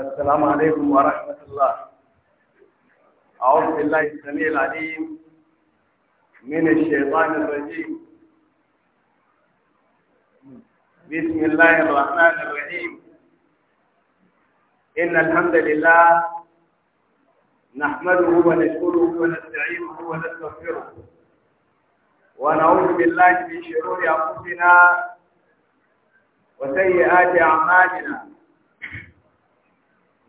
السلام عليكم ورحمة الله أعوذ بالله السميع العليم من الشيطان الرجيم بسم الله الرحمن الرحيم إن الحمد لله نحمده ونشكره ونستعينه ونستغفره ونعوذ بالله من شرور أنفسنا وسيئات أعمالنا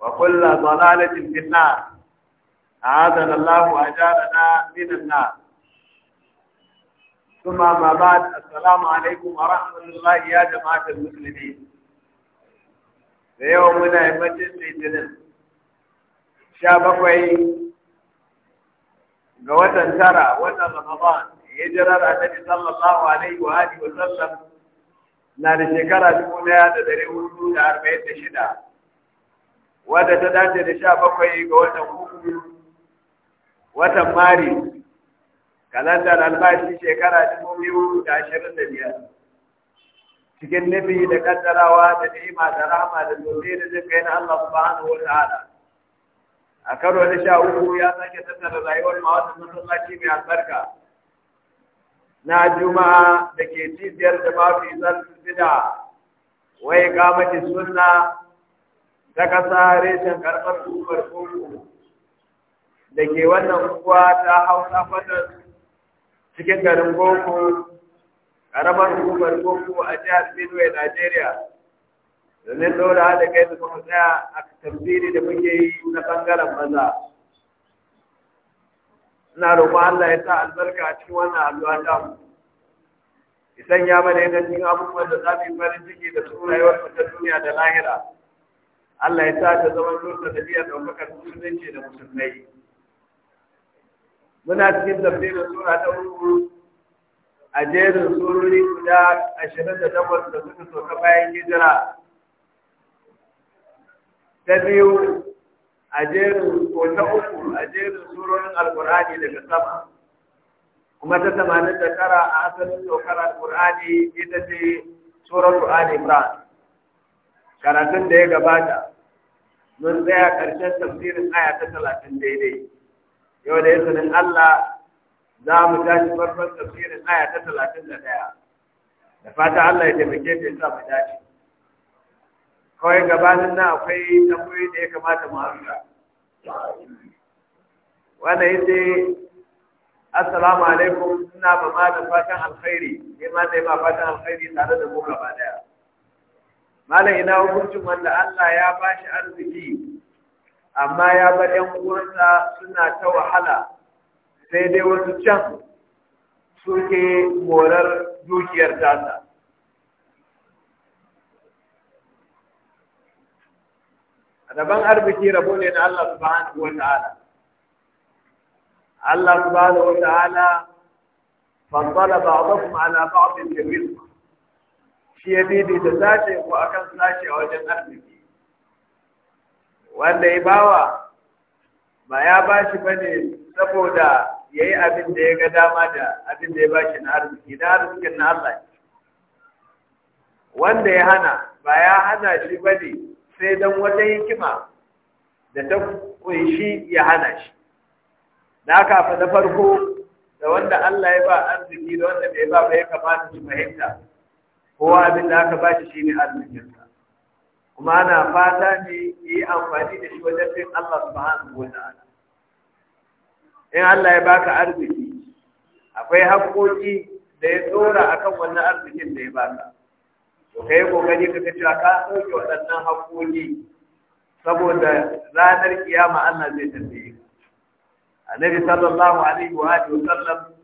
وكل ضلالة في النار أعاذنا الله أجارنا من النار ثم ما بعد السلام عليكم ورحمة الله يا جماعة المسلمين ليومنا يمجد ليتنا شابقي قوة ترى وطن رمضان هجرة النبي صلى الله عليه وآله وسلم na da shekara dubu ɗaya da ɗari hudu da arba'in da shida wadda ta dace da sha bakwai ga watan uku watan mari kalandar albashi shekara dubu biyu da ashirin da biyar cikin nufi da kaddarawa da ni'ima da rahama da dole da zai kai na Allah subhanahu wa ta'ala a karo na sha uku ya sake tattara rayuwar ma wata masallaci mai albarka na juma'a da ke cibiyar da mafi zan fida wai kamatin sunna ta ƙasa reshen karɓar tubar kogo da ke wannan kuwa ta hausa fadar cikin garin koko ƙaramar tubar kogo a jihar benue nigeria domin ɗora da kai da kuma tsaya a tafsiri da muke yi na ɓangaren maza ina roƙon Allah ya sa albarka a cikin wannan alluwa ta isan ya mana yadda cikin abubuwan da za su yi farin ciki da su rayuwar ta duniya da lahira Allah ya sa ta zama nuna tafiya ɗaukakar musulunci da musulmai. Muna cikin da sura ta uku a jerin sururi guda ashirin da takwas da suka soka bayan hijira. Ta biyu a jerin ko ta uku a jerin surorin Alƙur'ani daga sama. Kuma ta tamanin da tara a asalin saukar Alƙur'ani ita ce suratu Ali Imran. karatun da ya gabata mun tsaya ƙarshen tafsirin aya ta talatin daidai yau da izinin Allah za mu tashi farkon tafsirin aya ta talatin da ɗaya da fata Allah ya taimake ta sa mu dace kawai gabanin nan akwai tambayoyi da ya kamata mu amsa wannan yace assalamu alaikum ina ba ma da fatan alkhairi ne ma dai ma fatan alkhairi tare da mu gaba daya malam ina hukuncin wanda Allah ya ba shi arziki amma ya bar ƴan uwansa suna ta wahala sai dai wasu can suke morar dukiyar tasa. daban arziki rabo ne na Allah subhanahu wa ta'ala. Allah subhanahu wa ta'ala fassala ba'dakum ala ba'din bil rizq shi ya bi da sashe ko akan sashe a wajen arziki wanda ya bawa ba ya bashi ne saboda ya yi abin da ya ga dama da abin da ya ba shi na arziki da arzikin na Allah wanda ya hana ba ya hana shi ba ne, sai don wata hikima da ta kunshi ya hana shi na kafa na farko da wanda Allah ya ba arziki da wanda bai ba ba ya kamata su fahimta kowa abin da aka bashi shine arzikinsa kuma ana fata ne yi amfani da shi wajen bin Allah subhanahu wata'ala in Allah ya baka arziki akwai haƙoƙi da ya tsora akan wannan arzikin da ya baka to kai kokari ka cewa ka sauke waɗannan haƙoƙi saboda ranar kiyama Allah zai tambaye ka annabi sallallahu alaihi wa wa sallam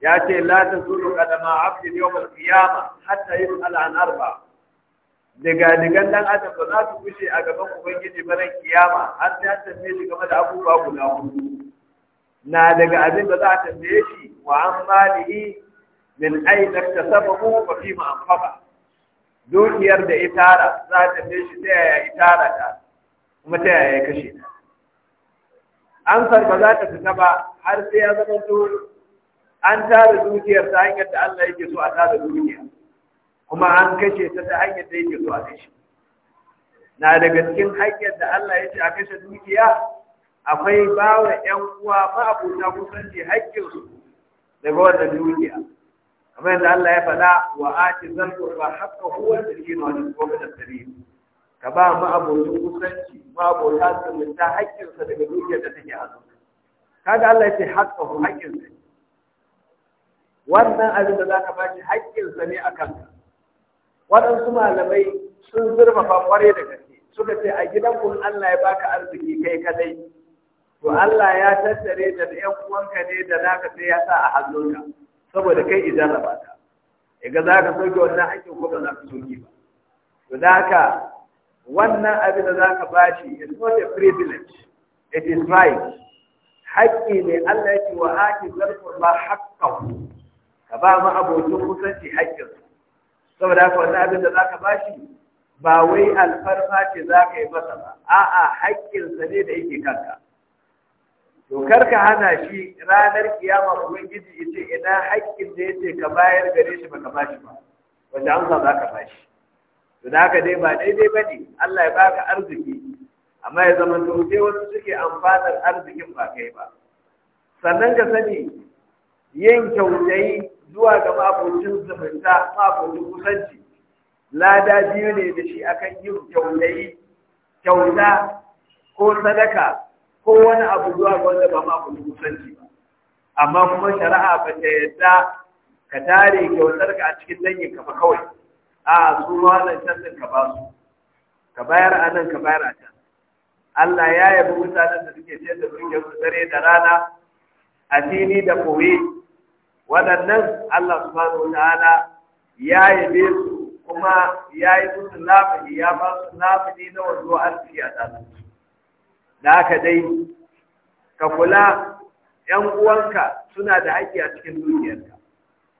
ya ce lati zuru kadama abdi yawm al kiyama hatta ala an arba daga digan dan adam ba za su kushe a gaban ubangiji ba ran kiyama har sai an tambaye shi game da abubuwa guda hudu na daga abin da za a tambaye shi wa an malihi min aina tasabahu wa fi ma anfaqa dukiyar da itara za a tambaye shi ta yaya itara ta kuma ta yaya kashe ta ansar ba za ta fita ba har sai ya zama to an tara dukiyar ta hanyar da Allah yake so a tara dukiya kuma an kashe ta ta hanyar da yake so a kashe na daga cikin hanyar da Allah yake a kashe dukiya akwai bawa ƴan uwa ba abota kusanci haƙƙin su daga wannan dukiya kamar yadda Allah ya faɗa wa ati zalku ba haqqahu wa tilkinu wa tilkinu da sabil ka ba ma abota kusanci ma abota zumunta haƙƙin sa daga dukiyar da take hazo kaga Allah ya ce haqqahu haƙƙin sa wannan abin da za ka ba shi haƙƙinsa ne a kanka waɗansu malamai sun zurfafa kware da gaske suka ce a gidan kun Allah ya baka arziki kai kadai to Allah ya tattare da ɗan uwanka ne da naka sai ya sa a hannunka saboda kai idan ba ka ga za ka soke wannan haƙƙin ko ba za ka soke ba to da haka wannan abin da za ka ba shi is not a privilege it is right haƙƙi ne Allah ya ce wa haƙƙi zarfur ba ka ba ma abokin kusanci hakkin saboda haka wannan abin da za ka ba shi ba wai alfarma ce za ka yi masa ba a'a sa ne da yake kanka to kar ka hana shi ranar kiyama ubangiji ya ce ina haƙƙin da yace ka bayar gare shi baka ba shi ba wanda amsa za ka ba shi to da haka dai ba daidai ba ne Allah ya baka arziki amma ya zama to sai wasu suke amfanar arzikin ba kai ba sannan ka sani yin kyautai. zuwa ga mafocin zumunta mafocin kusanci lada biyu ne da shi akan yin kyautayi kyauta ko sadaka ko wani abu zuwa ga wanda ba mafocin kusanci ba amma kuma shari'a ba ta yadda ka tare kyautar ka a cikin dangin ka ba kawai a su wannan can ka ba su ka bayar a nan ka bayar a can Allah ya yabi mutanen da suke ce da dare da rana a fili da koyi waɗannan Allah subhanahu ta'ala ya yi su kuma ya yi musu lafiya ya ba su lafiya na wanzuwa arziki a ɗan da aka dai ka kula ‘yan uwanka suna da haƙƙi a cikin duniyarka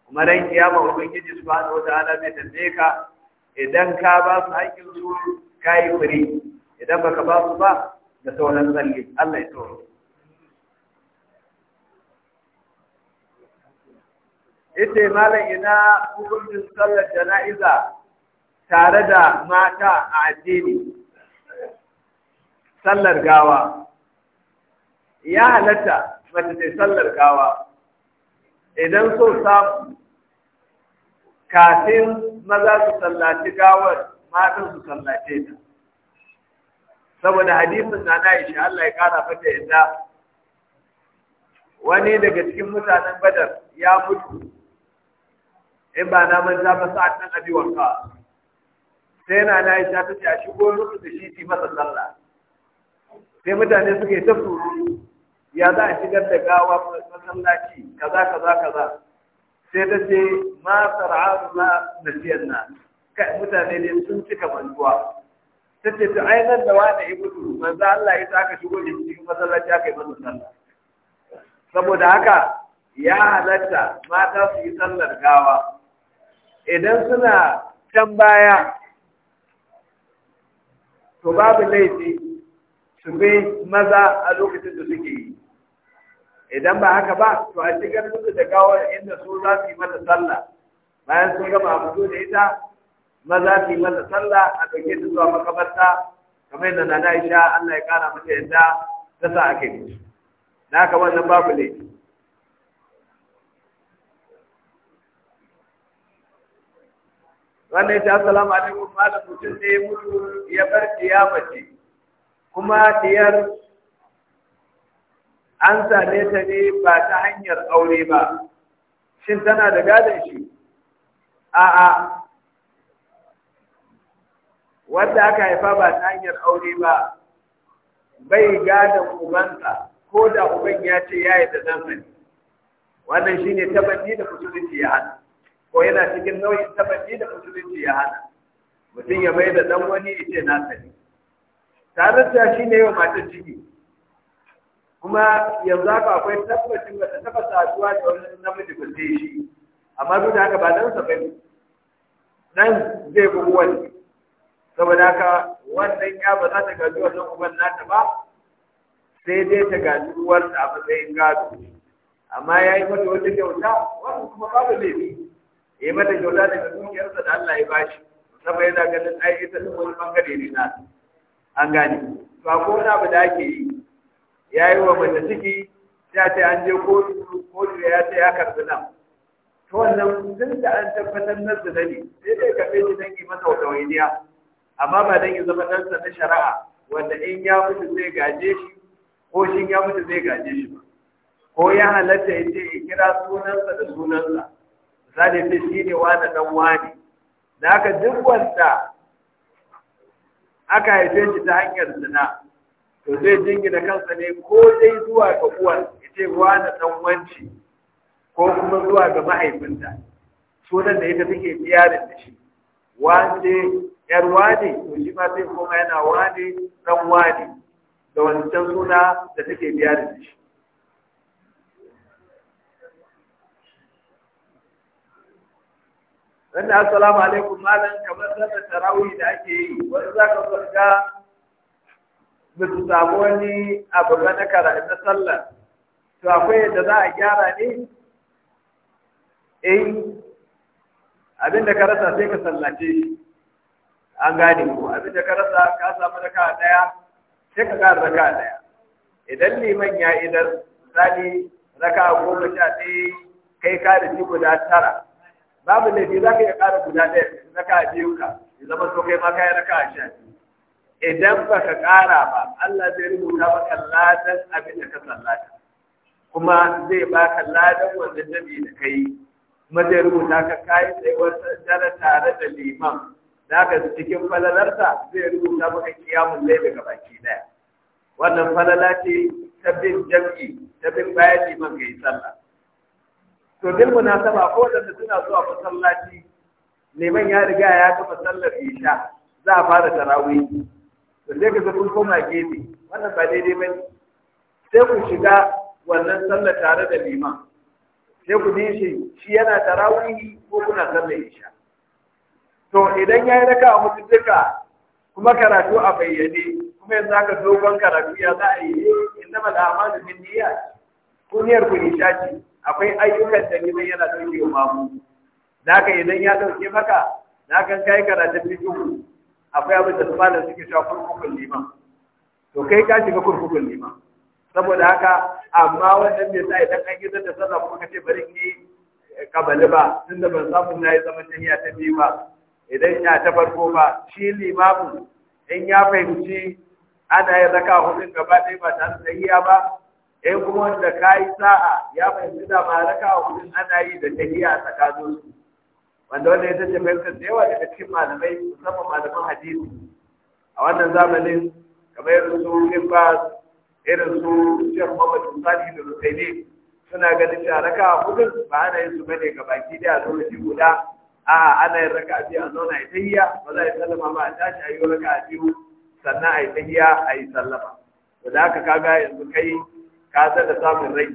kuma ran kiyama ubangiji subhanahu wataala zai tambaye ka idan ka ba su haƙƙin su ka yi fure idan baka ba su ba da sauran tsalle Allah ya tsoro ita malam ina hukuncin sallar jana'iza tare da mata a addini sallar gawa ya halatta mace ce sallar gawa idan so samu kafin maza su sallaci gawar mata su sallace ta saboda hadisin na na ishe Allah ya kara fata yadda wani daga cikin mutanen badar ya mutu in ba na manta ba sa'ad nan abi wanka sai na na ta tace a shigo ruku da shi ti masa sallah sai mutane suka yi ta sururu ya za a shigar da gawa masallaci kaza kaza kaza sai ta ce ma sar'adu na nasiyan na kai mutane ne sun cika mantuwa ta ce ta ainihin da wani ibudu wanzu Allah ya ta aka shigo da cikin masallaci aka yi masa sallah saboda haka ya halatta mata su yi sallar gawa idan suna can baya to babu laifi su bi maza a lokacin da suke yi idan ba haka ba to a cikin lokacin da gawar inda su za su yi mata sallah bayan sun gama abu da ita maza su yi mata sallah a ɗauke ta zuwa makabarta kamar yadda na na isha Allah ya kara mata yadda ta sa ake na haka wannan babu laifi wannan ya ce assalamu alaikum malam mutum ne mutu ya bar mace kuma diyar an same ta ne ba ta hanyar aure ba shin tana da gadon shi a'a wanda aka haifa ba ta hanyar aure ba bai gadon ubansa ko da uban ya ce ya yi da ɗansa ne wannan shine tabbaci da kusurci ya hana ko yana cikin nau'in tabbaci da musulunci ya hana mutum ya mai da dan wani ya ce na sani tarasta shi ne yau matar ciki kuma yanzu haka akwai tabbacin wata ta taba saduwa da wani namiji ba sai shi amma duk da haka ba dan sa bane nan zai bugu wani saboda haka wannan ya ba za ta gaji wannan uban nata ba sai dai ta gaji uwarsa a matsayin gado amma ya yi mata wata kyauta wannan kuma babu laifi ya yi mata kyauta daga dukiyarsa da Allah ya bashi saboda yana ganin ai ita da wani bangare ne na an gane ba ko na abu da ake yi Yayi wa mata ciki ya ce an je kotu kotu ya ce ya karbi nan to wannan tun da an tabbatar na zina ne sai dai ka shi dan ki masa wata amma ba dan ya zama dan na shari'a wanda in ya mutu zai gaje shi ko shin ya mutu zai gaje shi ba ko ya halatta ya ce ya kira sunansa da sunansa zane sai shi ne wane dan wani da aka duk wanda aka haife shi ta hanyar zina to zai jingina kansa ne ko dai zuwa ga uwar ya ce dan wanci ko kuma zuwa ga mahaifinta sunan da ita take biyarin da shi wani yar wani to shi ma sai kuma yana wani dan wani da wancan suna da take biyarin da shi wanda assalamu alaikum malam kamar da tarawih da ake yi wani za ka ga ba su samu wani abu ba na kara na sallar to akwai yadda za a gyara ne eh abinda ka rasa sai ka sallace shi an gane ko abinda ka rasa ka samu raka daya sai ka ƙara raka daya idan liman ya idan misali raka goma sha ɗaya kai ka da guda tara babu laifi za ka iya ƙara guda ɗaya na ka biyu ka ya zama so kai ma ka yi raka ka sha idan ba ka ƙara ba Allah zai rubuta maka ladan abin da ka sallata kuma zai ba ka ladan wanda jami'i da kai kuma zai rubuta ka kayi tsayuwar dare tare da liman da ka cikin falalarsa zai rubuta maka kiyamun laifi ga baki ɗaya wannan falala ce ta bin jam'i ta bin bayan liman ga yi sallah to bil munasaba ko da suna zuwa masallaci neman ya riga ya kafa sallar isha za a fara tarawih to dai ka kun koma gefe wannan ba daidai ba sai ku shiga wannan sallar tare da liman sai ku ji shi shi yana tarawih ko kuna sallar isha to idan ya yi raka a mutu duka kuma karatu a bayyane kuma yanzu aka dogon karatu ya za a yi inna mal'amalu bin kuniyar ku nishaɗi akwai ayyukan da ni yana dauke wa mamu zaka idan ya dauke maka zaka kai karatun ku akwai abin da suke cewa kurkukun lima. to kai ka shiga kurkukun lima. saboda haka amma wannan bai sai dan an gidan da sallah kuma kace bari ni kabali ba tunda ban samu na yi zaman tahiya ta biyu ba idan ya ta farko ba shi limamin in ya fahimci ana yin raka hudun gaba ɗaya ba tare da ba eh kuma wanda yi sa'a ya fahimci da raka a kudin ana yi da ta tahiya tsakanin su wanda wanda ya tace fahimtar da yawa daga cikin malamai musamman malaman hadisi a wannan zamanin kamar irin su Ibas irin su Sheikh Muhammad Sani da Rusaini suna ganin cewa raka a kudin ba ana yin su bane ga baki da lokaci guda a ana yin raka a biyu a zauna a tahiya ba za a yi sallama ba a tashi a yi raka a biyu sannan a yi ta tahiya a yi sallama da haka kaga yanzu kai ka san da samun rai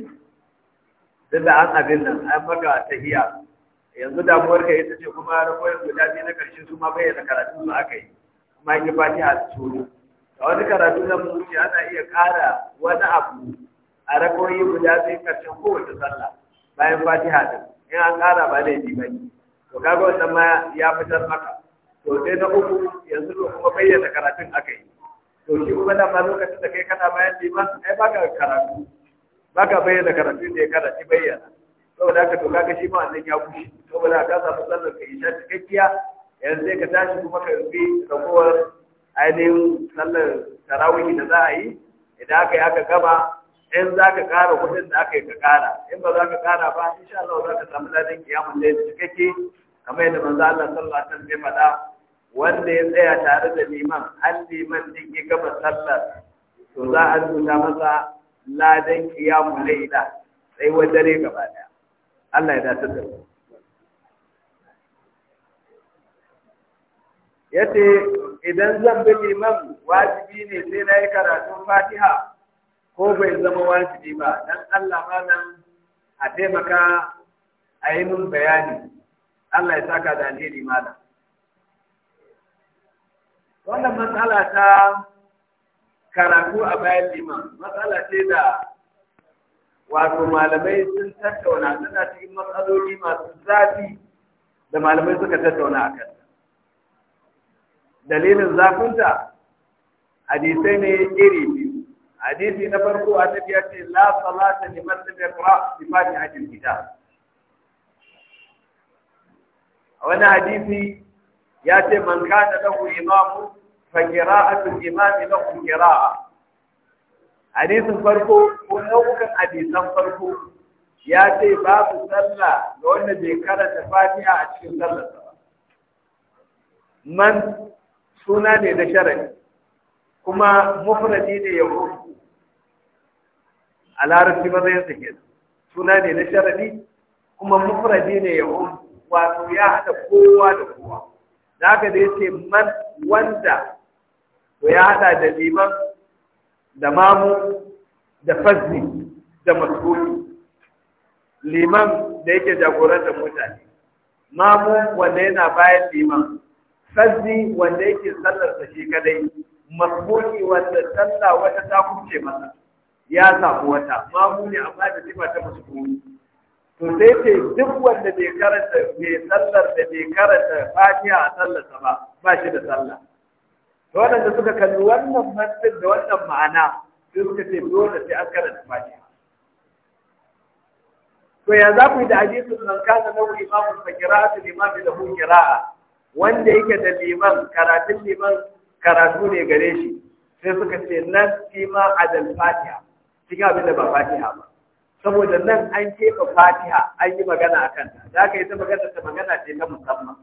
duk da an abin nan an maka hiya yanzu damuwar ka ita ce kuma rakoyin guda biyu na karshe su ma bayyana karatun su aka yi kuma yi fati a tsoro a wani karatu na musulunci ana iya ƙara wani abu a rakoyi guda biyu karshen kowace sallah bayan fati din in an ƙara ba laifi ba bane to kaga wannan ma ya fitar maka to sai na uku yanzu kuma bayyana karatun aka yi to shi kuma da ma lokacin da kai kana bayan liman ai baka karatu baka bayyana karatu da ya karaci bayyana saboda haka to kaga shi ma annan ya kushi saboda ka samu sallar ka isa cikakkiya yanzu sai ka tashi kuma ka rubi ragowar ainihin sallar tarawih da za a yi idan aka yi aka gama in za ka ƙara kuɗin da aka yi ka kara in ba za ka kara ba insha Allah za ka samu ladin kiyamun da ya cikakke kamar yadda manzo Allah sallallahu alaihi wasallam ya faɗa wanda ya tsaya tare da liman an liman din ya gama sallar to za a rubuta masa ladan kiyamu laila sai wani dare gaba daya Allah ya dace da yace idan zan bi liman wajibi ne sai na yi karatun fatiha ko bai zama wajibi ba dan Allah malam a taimaka a yi mun bayani Allah ya saka da alheri malam wannan matsala ta karatu a bayan liman matsala ce da wato malamai sun tattauna suna cikin matsaloli masu zafi da malamai suka tattauna a kanta dalilin zafinta hadisai ne iri biyu hadisi na farko a tafiya ce la salata liman kura yaqra bi fatihatil kitab wani hadisi ya ce man kana lahu imamu fa qira'atu imami lahu qira'a hadisin farko ko naukan hadisan farko ya ce babu sallah da wanda bai karanta fatiha a cikin sallar sa man suna ne da sharadi kuma mufradi ne ya ku. a larabci ba zai sake suna ne na sharadi kuma mufradi ne ya ku. wato ya haɗa kowa da kowa da ka da yake man wanda to ya hada da liman da mamu da fazi da mas'uli liman da yake da mutane mamu wanda yana bayan liman fazi wanda yake sallar da shi kadai mas'uli wanda sallah wata ta kuce masa ya samu wata mamu ne amma da sifa ta mas'uli to sai ce duk wanda bai karanta bai sallar da bai karanta fatiha a sallarsa ba ba shi da sallah to wanda suka kalli wannan masjid da wannan ma'ana sai suka ce dole sai an karanta fatiha to ya za ku yi da hadisin nan kana nau imamu fa qira'atu limami da hu qira'a wanda yake da liman karatun liman karatu ne gare shi sai suka ce nan kima adal fatiha cikin abin da ba fatiha ba saboda nan an keɓe fatiha an yi magana a kanta da yi ita magana ta magana ce ta musamman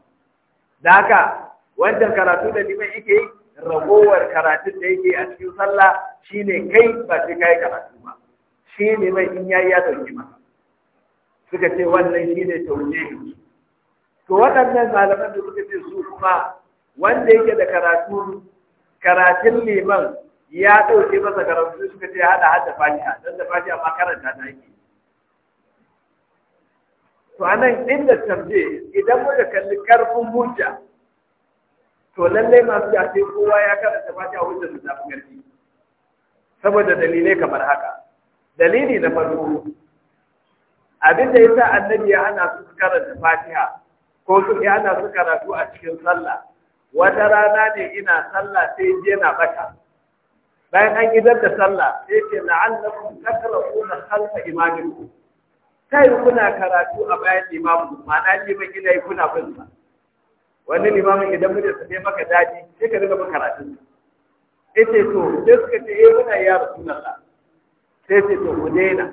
da aka wancan karatu da liman yake yi ragowar karatun da yake a cikin sallah shine kai ba sai kai karatu ba shi liman in yayi ya dauki ma suka ce wannan shine ne? to waɗannan malaman da suka ce su kuma wanda yake da karatu karatun liman ya ɗauke masa karatu suka ce hada hada fatiha dan da fatiha ma karanta ta yake to anan inda tambaye idan muka kalli karfin hujja to lallai ma su ce kowa ya karanta fatiha hujja su tafi garki saboda dalilai kamar haka dalili na farko da yasa annabi ya hana su karanta fatiha ko su ya hana su karatu a cikin sallah wata rana ne ina sallah sai je na bata bayan an idar da sallah sai ce la'allakum takrahuna khalfa imamikum kai kuna karatu a bayan limamu ma'ana liman gida yi kuna bin sa wani imamu idan muke su maka daɗi sai ka dinga karatu ita to sai suka ce eh muna ya rasulullah sai ce to ku daina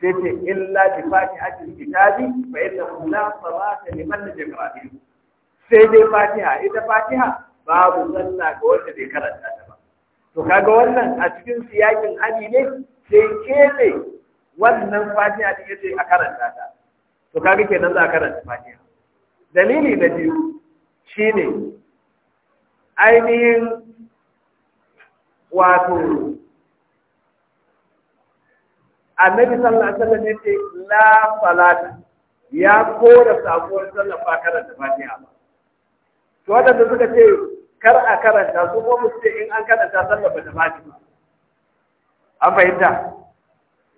sai ce illa bi fatihatil kitabi fa innahu la salata liman lam yaqra sai dai fatiha ita fatiha babu sallah ga wanda bai karanta to kaga wannan a cikin siyakin hadi ne sai kebe wannan fatiha din yace a karanta ta to kaga kenan za a karanta fatiha dalili na biyu shine ainihin wato annabi sallallahu alaihi wasallam yace la salata ya kora sabuwar sallah ba karanta fatiha ba to wadanda suka ce kar a karanta su ko mu ce in an karanta sallar ba ta baci ba an fahimta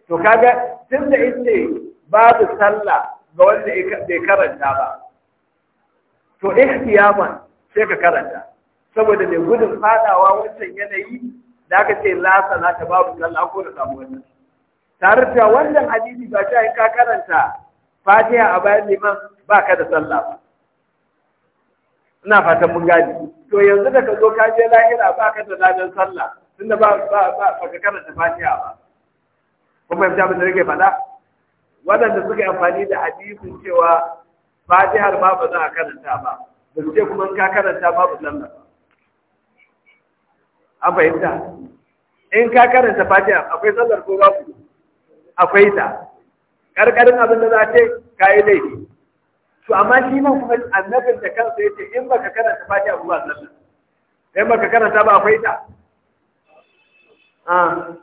to kaga tun da in ce babu sallah ga wanda bai karanta ba to ihtiyaman sai ka karanta saboda mai gudun fadawa wancan yanayi da aka ce la salata babu sallah ko da samu wannan tare da wannan hadisi ba ta ka karanta fatiha a bayan liman ba ka da sallah ba ina fatan mun gani to yanzu da ka zo ka je lahira ba ka da ladan sallah tunda ba ba ba ka karanta fatiha ba kuma yanzu abin da nake faɗa waɗanda suka yi amfani da hadisin cewa fatihar ma ba za a karanta ba da su ce kuma ka karanta ba ba sallah an fahimta in ka karanta fatiha akwai sallar ko ku? akwai ta Ƙarƙarin abin da za a ce ka yi laifi to amma shi man kuma annabin da kansa yace in baka karanta ta ba ba sallah kai baka karanta ba akwai ta ah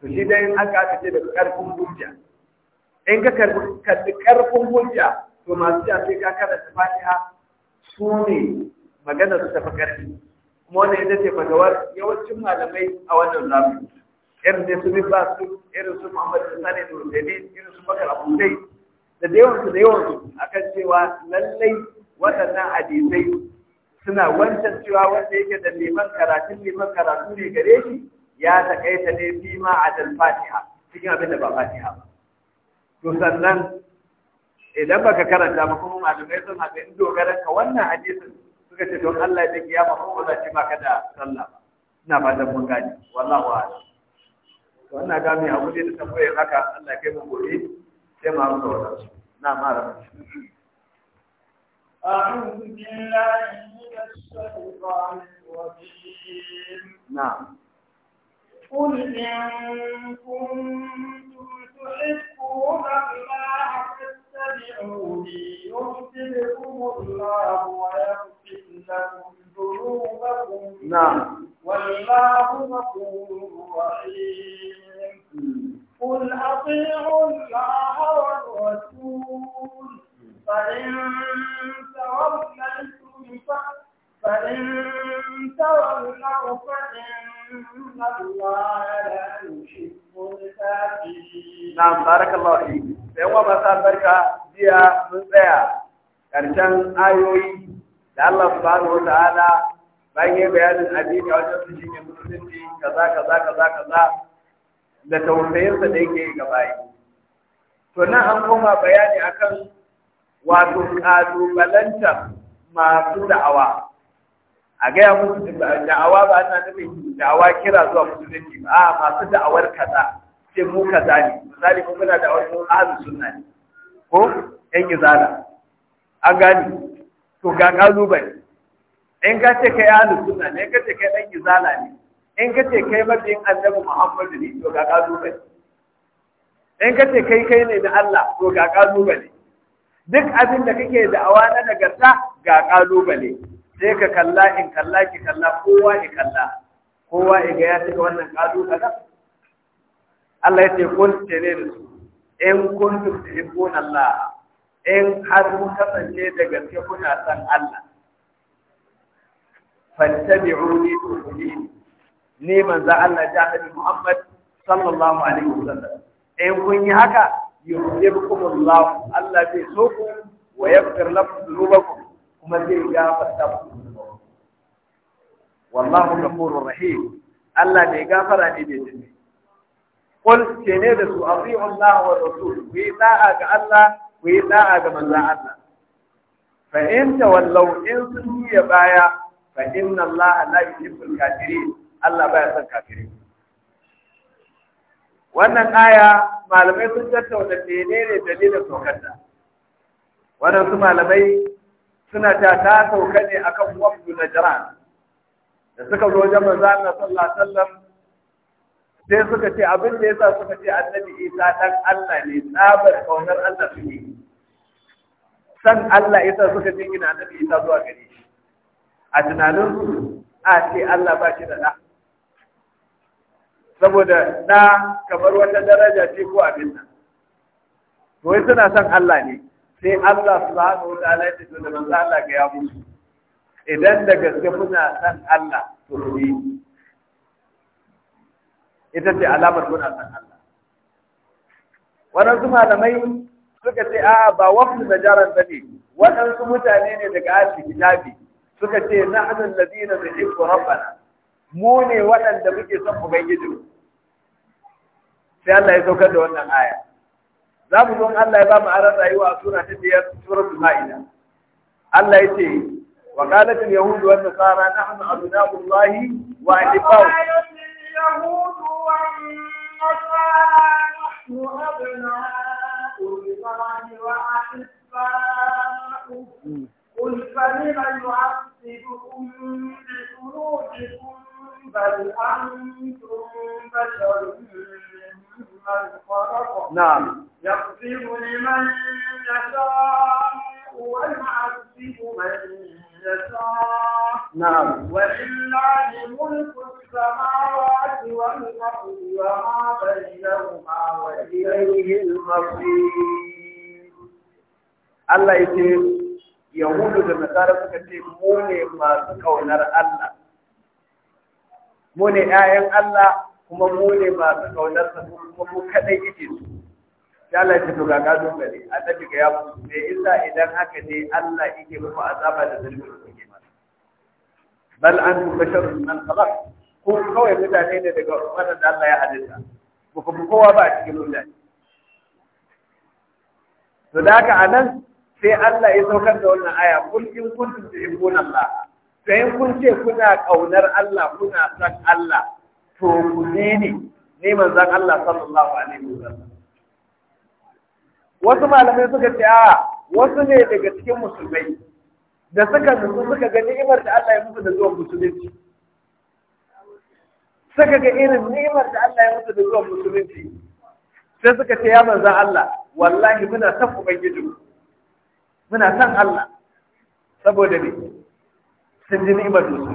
to shi dai an ka ce da karfin hujja in ka karbi karfin hujja to masu ja sai ka karanta ha su ne magana su tafi karfi kuma wannan yadda ce fatawar yawancin malamai a wannan zamani irin da su ba su irin su Muhammadu sani da rufe irin su bakar abu dai da yawansu da yawansu akan cewa lallai waɗannan hadisai suna wancan cewa wanda yake da neman karatun neman karatu ne gare shi ya takaita ne fi ma a dan fatiha cikin abin da ba fatiha ba to sannan idan baka karanta ba kuma malamai sun haɗa in dogaran ka wannan hadisin suka ce don Allah ya kiyama kuma ba ce maka da sallah ina fatan mun gani wallahu a'lam wannan gami mai abu da tambayar haka Allah kai mu gobe sai mu amsa wannan نعم هذا أعوذ بالله من الشيطان الرجيم نعم قل إن كنتم تحبون الله فاتبعوني يغفركم الله ويغفر لكم ذنوبكم نعم والله غفور رحيم قل أطيعوا الله والرسول فإن تولوا فإن الله لا يحب نعم بارك الله فيك سيوما مساء بركة ديا الله سبحانه وتعالى بأي بيان الحديث في شيء كذا كذا كذا كذا da tausayinsa da yake ga bayi to nan an koma bayani akan wato ƙalubalanta masu da'awa a gaya musu da'awa ba ana nufin da'awa kira zuwa musulunci ba a masu da'awar kaza ce mu kaza ne misali mun muna da'awar mu ahlus sunna ne ko ƴan gizana. an gani to ga ƙalubale. in ka ce kai ahlus sunna ne ka ce kai ɗan gizana ne in ka ce kai mabiyin annabi Muhammadu ne to ga kalubale in ka ce kai kai ne na Allah to ga kalubale duk abin da kake da'awa na nagarta ga kalubale sai ka kalla in kalla ki kalla kowa ya kalla kowa ya ga ya cika wannan kalubale Allah ya ce kun tare da su in kuntum tuhibbuna Allah in har kun kasance da gaske kuna son Allah fattabi'uni tuhibuni ne manzan Allah ya annabi Muhammad sallallahu alaihi wasallam in kun yi haka kuma Allah zai so ku wa yaghfir lakum dhunubakum kuma zai fata ku. wallahu ghafurur rahim Allah mai gafara ne da jinni qul ce ne da su ati'u Allah wa rasul ku yi da'a ga Allah ku yi da'a ga manzan Allah fa in tawallaw in sun yi baya fa inna Allah la yuhibbul kafirin Allah baya son kafiri. wannan aya malamai sun tattauna menene dalilin ta. waɗansu malamai suna ta ta sauka ne akan wafdu na jiran da suka zo wajen manzo Allah sallallahu alaihi wasallam sai suka ce abin da yasa suka ce annabi Isa dan Allah ne tsabar kaunar Allah su ne san Allah yasa suka ce ina annabi Isa zuwa gare shi a tunanin su a ce Allah ba shi da da saboda na kamar wata daraja ce ko abin nan to wai suna son Allah ne sai Allah subhanahu wa ta'ala ya ce da manzo Allah ga ya musu idan da gaske kuna son Allah to ku yi ita ce alamar kuna son Allah waɗansu malamai suka ce a'a ba wafin da jaran ba ne waɗansu mutane ne daga aji, kitabi suka ce na hannun ladina da iku rabbana mu ne waɗanda muke son ubangijinmu sai Allah ya saukar da wannan aya za mu zo Allah ya ba mu aran rayuwa a sura ta biyar suratul ma'ida Allah ya ce wa qalat al yahud wa nasara nahnu abna'u Allah wa ahibba'u اليهود والنصارى نحن أبناء الله وأحباؤه قل فلم يعذبكم بذنوبكم بل أنتم بشر نعم يغفر لمن يشاء ويعذب من يشاء نعم ولله ملك السماوات وما بينهما المصير yahudu da nasara suka ce mu ne masu kaunar Allah mu ne 'ya'yan Allah kuma mu ne masu kaunar sa kuma mu kadai kike su ya lafi to ga gado gare annabi ga ya mutu me yasa idan haka ne Allah yake muku azaba da zulmi da kike masa bal an bashar man khalaq ku kawai mutane ne daga wannan da Allah ya halitta ba kuma kowa ba a cikin mutane to da haka anan sai Allah ya saukar da wannan aya kul in kuntum tuhibbuna Allah sai kun ce kuna kaunar Allah kuna san Allah to ku bi ni ne manzan Allah sallallahu alaihi wasallam wasu malamai suka ce a wasu ne daga cikin musulmai da suka nutsu suka ga ni'imar da Allah ya musu da zuwan musulunci suka ga irin ni'imar da Allah ya musu da zuwan musulunci sai suka ce ya manzan Allah wallahi muna san ubangiji muna san Allah saboda ne sun ji ni'imar da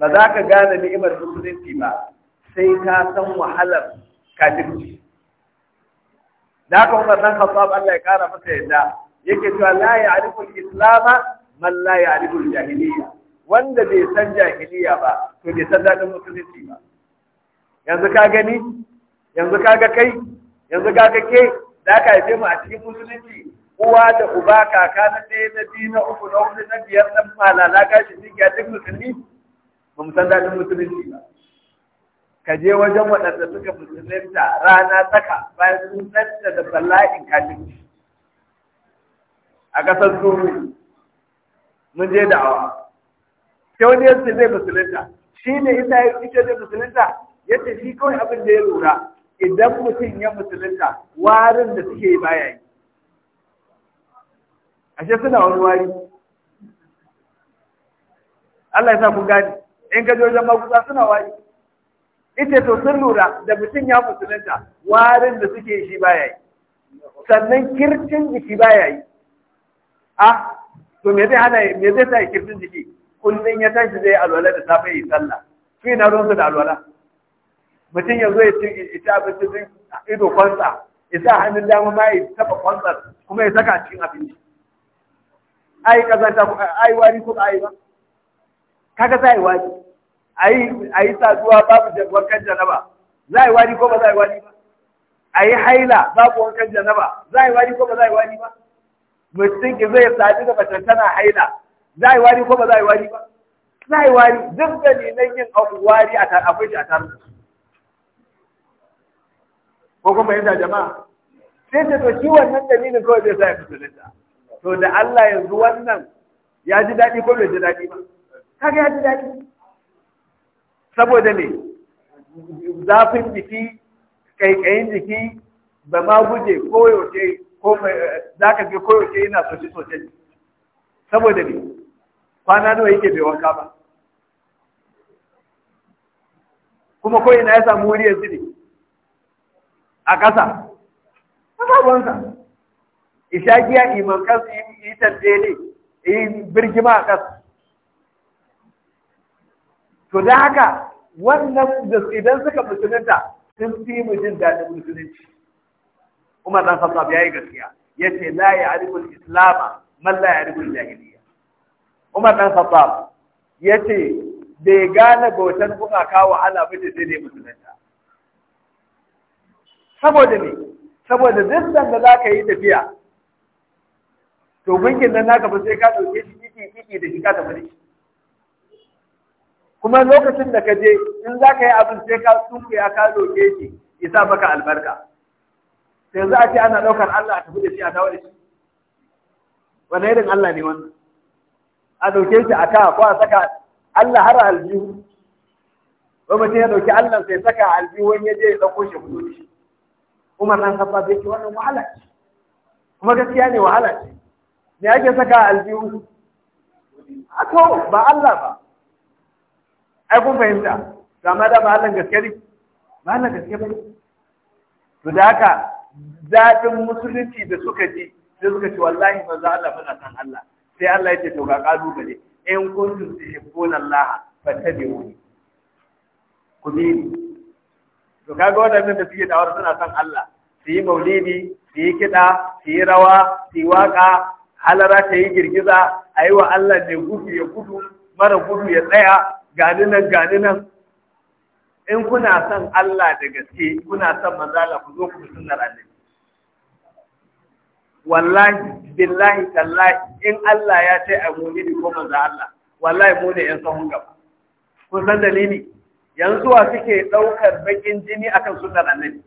ba za ka gane ni'imar musulunci ba sai ka san wahalar kafirci da haka Umar dan Khattab Allah ya kara masa yadda yake cewa la ya'rifu al-islam man la ya'rifu al-jahiliyya wanda bai san jahiliya ba to bai san dadin musulunci ba yanzu ka gani yanzu ka ga kai yanzu ka ga ke da aka haife mu a cikin musulunci uwa da uba kaka na ɗaya na biyu na uku na hudu na biyar na malala gashi shi ya duk musulmi ba mu san daɗin musulunci ba ka je wajen waɗanda suka musulunta rana tsaka bayan sun tsanta da bala'in kafin a ƙasar suru mun je da'awa sai wani yanzu zai musulunta shi ne ita ita zai musulunta yadda shi kawai abin da ya lura idan mutum ya musulunta warin da suke yi baya yi ashe suna wani wari Allah ya sa ku gani in ka je wajen suna wari ita to sun lura da mutum ya musulunta warin da suke shi baya yi sannan kircin jiki baya yi ah to me zai hana me zai sa kircin jiki kullum ya tashi zai alwala da safe yi sallah shi na ruwansa da alwala mutum ya zo ya ci abinci zai ido kwansa ya sa hannun dama ma ya taɓa kwansa kuma ya saka cikin abinci ai kazanta ai wari ko ai ba kaga sai wari a yi saduwa babu wankan janaba za a yi wani ko ba za a yi wani ba a yi haila babu wankan janaba za a yi wani ko ba za a yi wani ba mutum ki zai sadu da mace tana haila za a yi wani ko ba za a yi wani ba za a yi wani duk nan yin abu wari a akwai shi a tare da ko kuma yadda jama'a sai ce to shi wannan dalilin kawai zai sa ya da to da Allah yanzu wannan ya ji daɗi ko bai ji daɗi ba kaga ya ji daɗi saboda ne zafin jiki kaikayin jiki ba ma guje koyaushe ko za ka ga koyaushe yana soce soce saboda ne kwana nawa yake bai wanka ba kuma ko na ya samu wuri yanzu ne a ƙasa ababansa ishagiya iman kansu yi tattele yi birgima a ƙasa to da haka wannan idan suka musulunta sun fi mu jin daɗin musulunci Umar dan ya yi gaskiya ya ce, la ya al islama, man la ya al-jahiliya Umar dan Khattab ce, bai gane bautan kuma kawo ala ba sai dai musulunta saboda ne saboda duk da za ka yi tafiya to gungin nan naka ba sai ka ɗauke shi ciki da shi ka tafi da shi kuma lokacin da ka je in za ka yi abin sai ka tsunke a ka doke shi ya sa maka albarka sai za a ce ana ɗaukar Allah a tafi da shi a dawo da shi wani irin Allah ne wannan a ɗauke shi a ka ko a saka Allah har aljihu ko mutum ya ɗauki Allah sai saka aljihu wani ya je ya ɗauko shi kudu da shi Umar nan kafa zai ce wannan wahala ce kuma gaskiya ne wahala ce me ake saka aljihu a to ba Allah ba ai kun fahimta amma da ba Allah gaske ne ba Allah gaske ba to da haka zaɓin musulunci da suka ji da suka ce wallahi za Allah muna san Allah sai Allah ya ce to ga kalubale in kuntum tuhibbuna Allah fattabi'uni ku bi ni to kaga waɗannan da suke dawar suna san Allah su yi maulidi su yi kiɗa su yi rawa su yi waƙa halara ta yi girgiza a yi wa Allah ne gudu ya gudu mara gudu ya tsaya gani nan gani nan in kuna son Allah da gaske kuna son manzala ku zo ku sunnar annabi wallahi billahi tallahi in Allah ya ce a muni ko manzo Allah wallahi mu ne yan sahun gaba kun san dalili yanzu wa suke daukar bakin jini akan sunnar annabi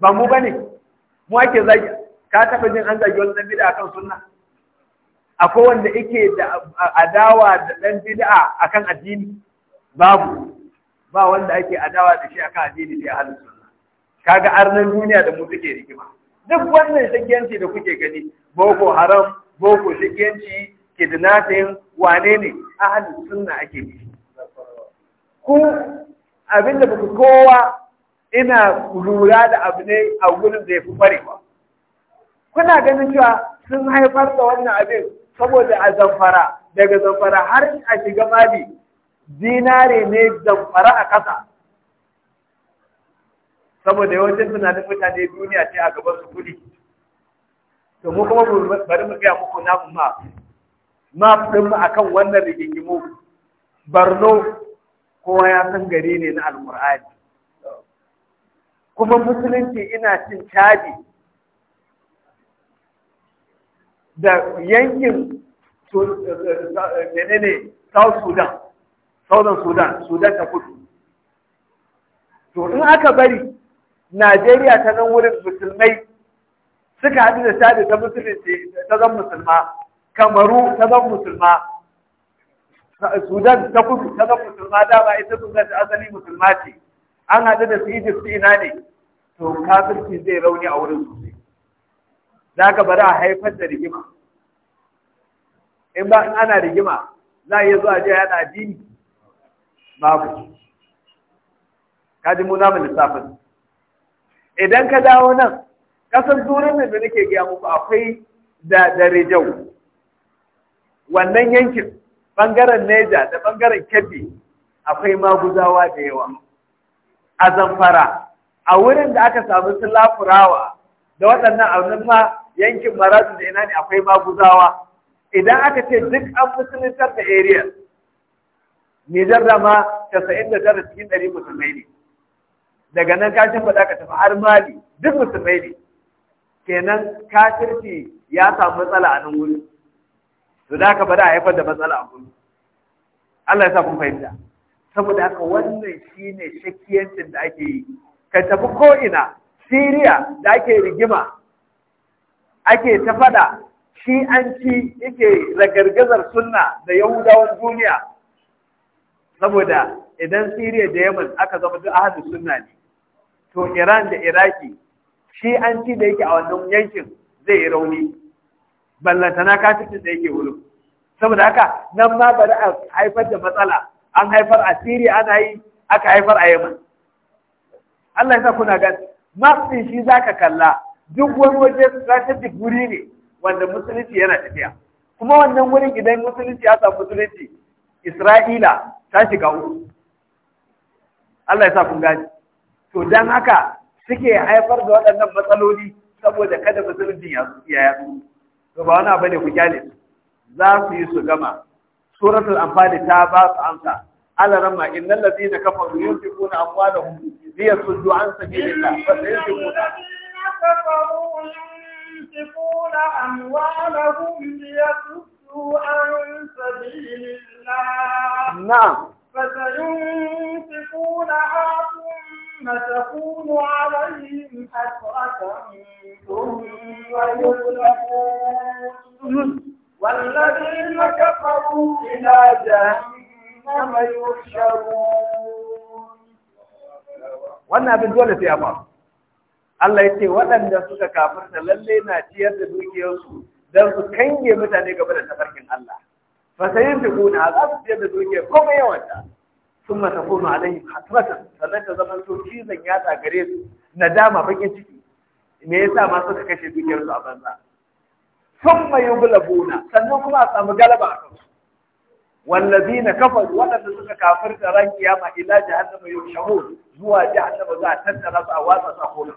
ba mu bane mu ake zagi ka taba jin an zagi wannan bid'a akan sunna akwai wanda yake da adawa da ɗan bid'a akan addini babu ba wanda ake adawa da shi akan addini sai ahlus sunna kaga arnan duniya da mu suke rigima duk wannan shigiyanci da kuke gani boko haram boko shakiyanci kidnapping wane ne a ahlus sunna ake bi? ku abinda ba kowa ina lura da abu ne a wurin da ya fi kwarewa kuna ganin cewa sun haifar da wannan abin saboda a zamfara daga zamfara har a shiga mali dinare ne zamfara a ƙasa saboda yawancin tunanin mutane duniya ce a gaban su to mu kuma bari mu gaya muku na map ɗinmu din mu akan wannan rigingimu Barno kowa ya san gari ne na alkur'ani kuma musulunci ina cin caji da yankin ne South Sudan, Southern Sudan, Sudan ta kudu. To in aka bari Najeriya ta nan wurin musulmai suka haɗu da sadi ta musulunci ta zan musulma, Kamaru ta zan musulma, Sudan ta kudu ta zan musulma dama ita sun ta asali musulma ce, an haɗu da su Egypt ina ne, to kafirci zai rauni a wurin sosai. da bari a haifar da rigima in ba ana rigima za a iya zuwa je yana addini babu kaji mu lissafin idan ka dawo nan kasar turin nan da nake gaya muku akwai da da rejau wannan yankin bangaren neja da bangaren kebbi akwai maguzawa da yawa a zamfara a wurin da aka samu sulafurawa da waɗannan abin fa yankin marasu da ina ne akwai maguzawa idan aka ce duk an musuluntar da area Nijar da ma 99 cikin 100 musulmai ne daga nan kashin faɗa ka tafi har mali duk musulmai ne kenan kashirci ya samu matsala a nan wuri to da aka bada a haifar da matsala a wuri Allah ya sa kun fahimta saboda haka wannan shine yancin da ake yi ka tafi ko ina Siriya da ake rigima, ake ta fada, shi an ci yake ragargazar sunna da Yahudawan duniya. Saboda idan Siriya da Yaman aka zama duk ahadu sunna ne, to Iran da Iraki, shi an ci da yake a wannan yankin zai yi rauni, ballantana kasitin da yake wurin. Saboda haka nan ma bari a haifar da matsala, an haifar a Siriya ana yi, aka haifar a Yaman. Allah ya sa kuna gani. map shi za ka kalla duk wani waje strategic wuri ne wanda musulunci yana tafiya kuma wannan wurin idan musulunci ya samu musulunci isra'ila ta shiga uku Allah ya sa kun gani to dan haka suke haifar da waɗannan matsaloli saboda kada musulunci ya yi to ba wani abu ne ku kyale za su yi su gama suratul amfani ta ba su amsa على رمى إن الذين كفروا ينفقون أموالهم ليصدوا عن سبيل الله فسينفقون كفروا ينفقون أموالهم ليصدوا عن سبيل الله نعم فسينفقونها ثم تكون عليهم حسرة ثم يغلبون والذين كفروا إلى جهنم wannan abin dole sai ya faru Allah ya ce waɗanda suka kafirta lalle na ciyar da dukiyarsu don su kange mutane gaba da tafarkin Allah fa sai fi kuna za su ciyar da dukiyar kuma yawanta sun mata kuma alayhi hasratan sannan ta zama to cizon ya gare su nadama bakin ciki me yasa ma suka kashe dukiyarsu a banza sun mayu bulabuna sannan kuma a samu galaba a kansu wallazina kafa waɗanda suka kafirta ran kiyama ila jahannama yushahun zuwa jahannama za a tattara su a watsa su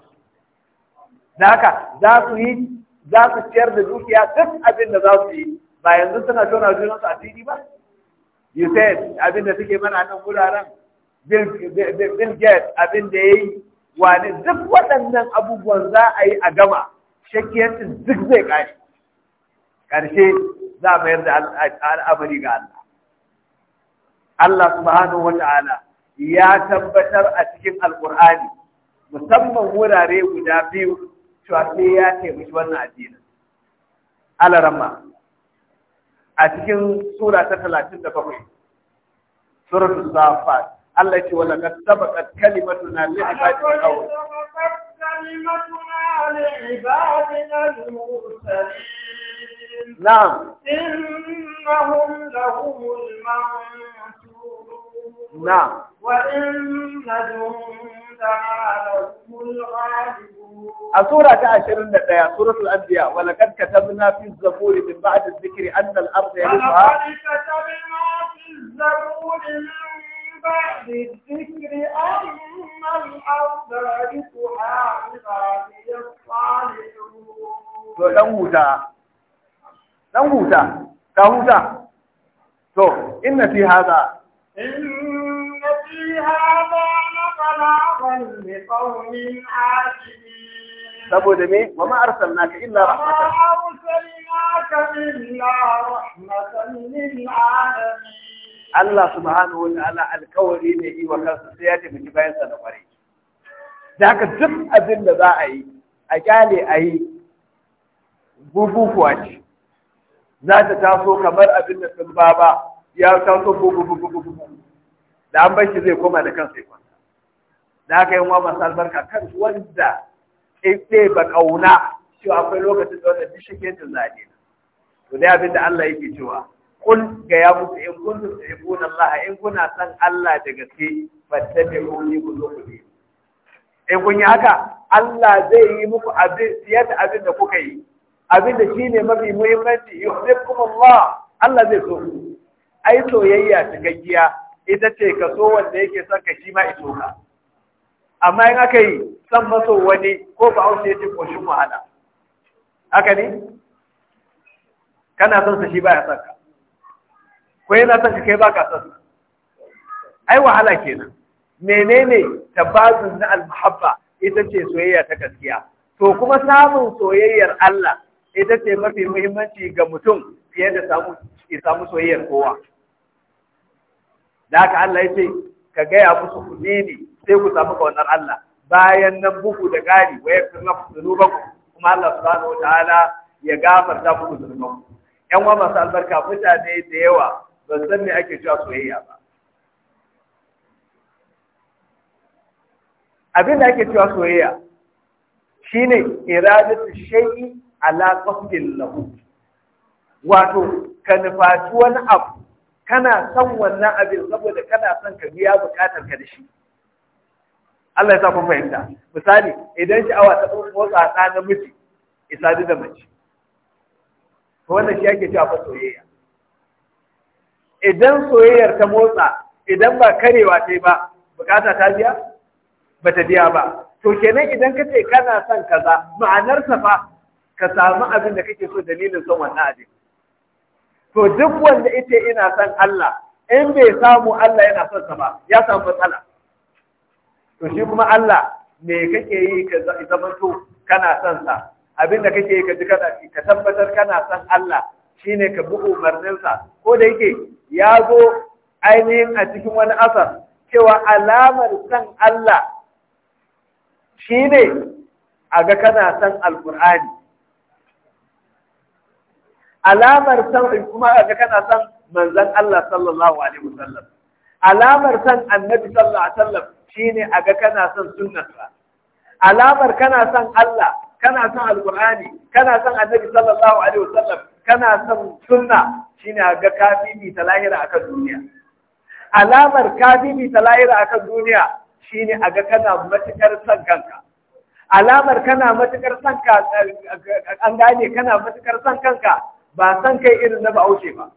da haka za su yi za su ciyar da dukiya duk abin da za su yi ba yanzu suna tona junan su asiri ba you said abin da suke mana nan wuraren Bill Gates abin da ya yi wani duk waɗannan abubuwan za a yi a gama shakiyancin duk zai ƙare ƙarshe za a mayar da al'amari ga Allah Allah subhanahu wata'ala ya tabbatar a cikin alkur'ani musamman wurare guda biyu cewa sai ya taimaki wannan addini alarama a cikin sura ta talatin da bakwai suratul safat Allah ya ce wala kad sabaqat kalimatuna li ibadina al-mursalin na'am innahum lahumul mansurun نعم وإن السورة عشرين لديها سورة الأنبياء ولقد كتبنا في الزبور من بعد الذكر أن الأرض يرثها ولقد كتبنا في الزبور من بعد الذكر أن الأرض يرثها عبادي الصالحون. لو هوتا لو هوتا لو تو إن في هذا إن في هذا لبلاغا لقوم عاجبين saboda me wa ma arsalnaka illa rahmatan ma arsalnaka illa rahmatan lil alamin Allah subhanahu wa ta'ala alkawari ne yi wa kansa sai ya tafi bayan sa da kware da haka duk abin da za a yi a kyale a yi bubufuwa ce za ta taso kamar abin da sun ba ba ya taso gugugugugugu da an bar zai koma da kansa ya kwanta da haka yin wa masu albarka kan wanda ƙaiƙe ba kauna cewa akwai lokacin da wanda duk shige jin zaɗe to dai abin da Allah yake cewa kun ga ya musu in kun su kuna Allah in kuna san Allah da gaske fattabi'uni ku zo ku bi in kun yi haka Allah zai yi muku abin fiye da abin da kuka yi abin da shine mafi muhimmanci yuhibbukum Allah Allah zai so ku ai soyayya cikakkiya ita ce ka so wanda yake son ka shi ma iso ka amma in aka yi san maso wani ko ba hausa ya ce ƙoshin wahala haka ne kana son su shi ba ya son ka ko yana son ka kai ba ka son ai wahala kenan menene tabbazin na almuhabba ita ce soyayya ta gaskiya to kuma samun soyayyar Allah ita ce mafi muhimmanci ga mutum fiye da samu soyayyar kowa da haka Allah ya ce ka gaya musu kuɗi ne sai ku samu kaunar Allah bayan nan bugu da gari wa ya yaghfir lakum ku, kuma Allah subhanahu wataala ya gafarta muku dhunubanku yan wa masu albarka mutane da yawa ba san me ake cewa soyayya ba abin da ake cewa soyayya shine iradatu shay'i ala qasdin lahu wato ka nufaci wani abu kana son wannan abin saboda kana son ka biya bukatar ka da shi Allah ya sa kun fahimta misali idan sha'awa ta motsa ta miji isa da mace to wannan shi ake cewa soyayya idan soyayyar ta motsa idan ba karewa yi ba bukata ta biya ba ta biya ba to kenan idan ka ce kana son kaza ma'anar sa fa ka samu abin da kake so dalilin son wannan abin to duk wanda ita ina son Allah in bai samu Allah yana son sa ba ya samu matsala to shi kuma Allah me kake yi ka zamanto kana son sa abinda kake yi ka ji kada ka tabbatar kana son Allah shine ka bi umarninsa ko da yake ya zo ainihin a cikin wani asar cewa alamar son Allah shine a ga kana son alkur'ani alamar san kuma ga kana san manzon Allah sallallahu alaihi wasallam alamar san annabi sallallahu alaihi wasallam shine ga kana san sunnarsa alamar kana san Allah kana san alqur'ani kana san annabi sallallahu alaihi wasallam kana san sunna shine ga ka ta lahira akan duniya alamar ka ta lahira akan duniya shine ga kana matukar san kanka alamar kana matukar son ka an gane kana matukar son kanka ba san kai irin na bahaushe ba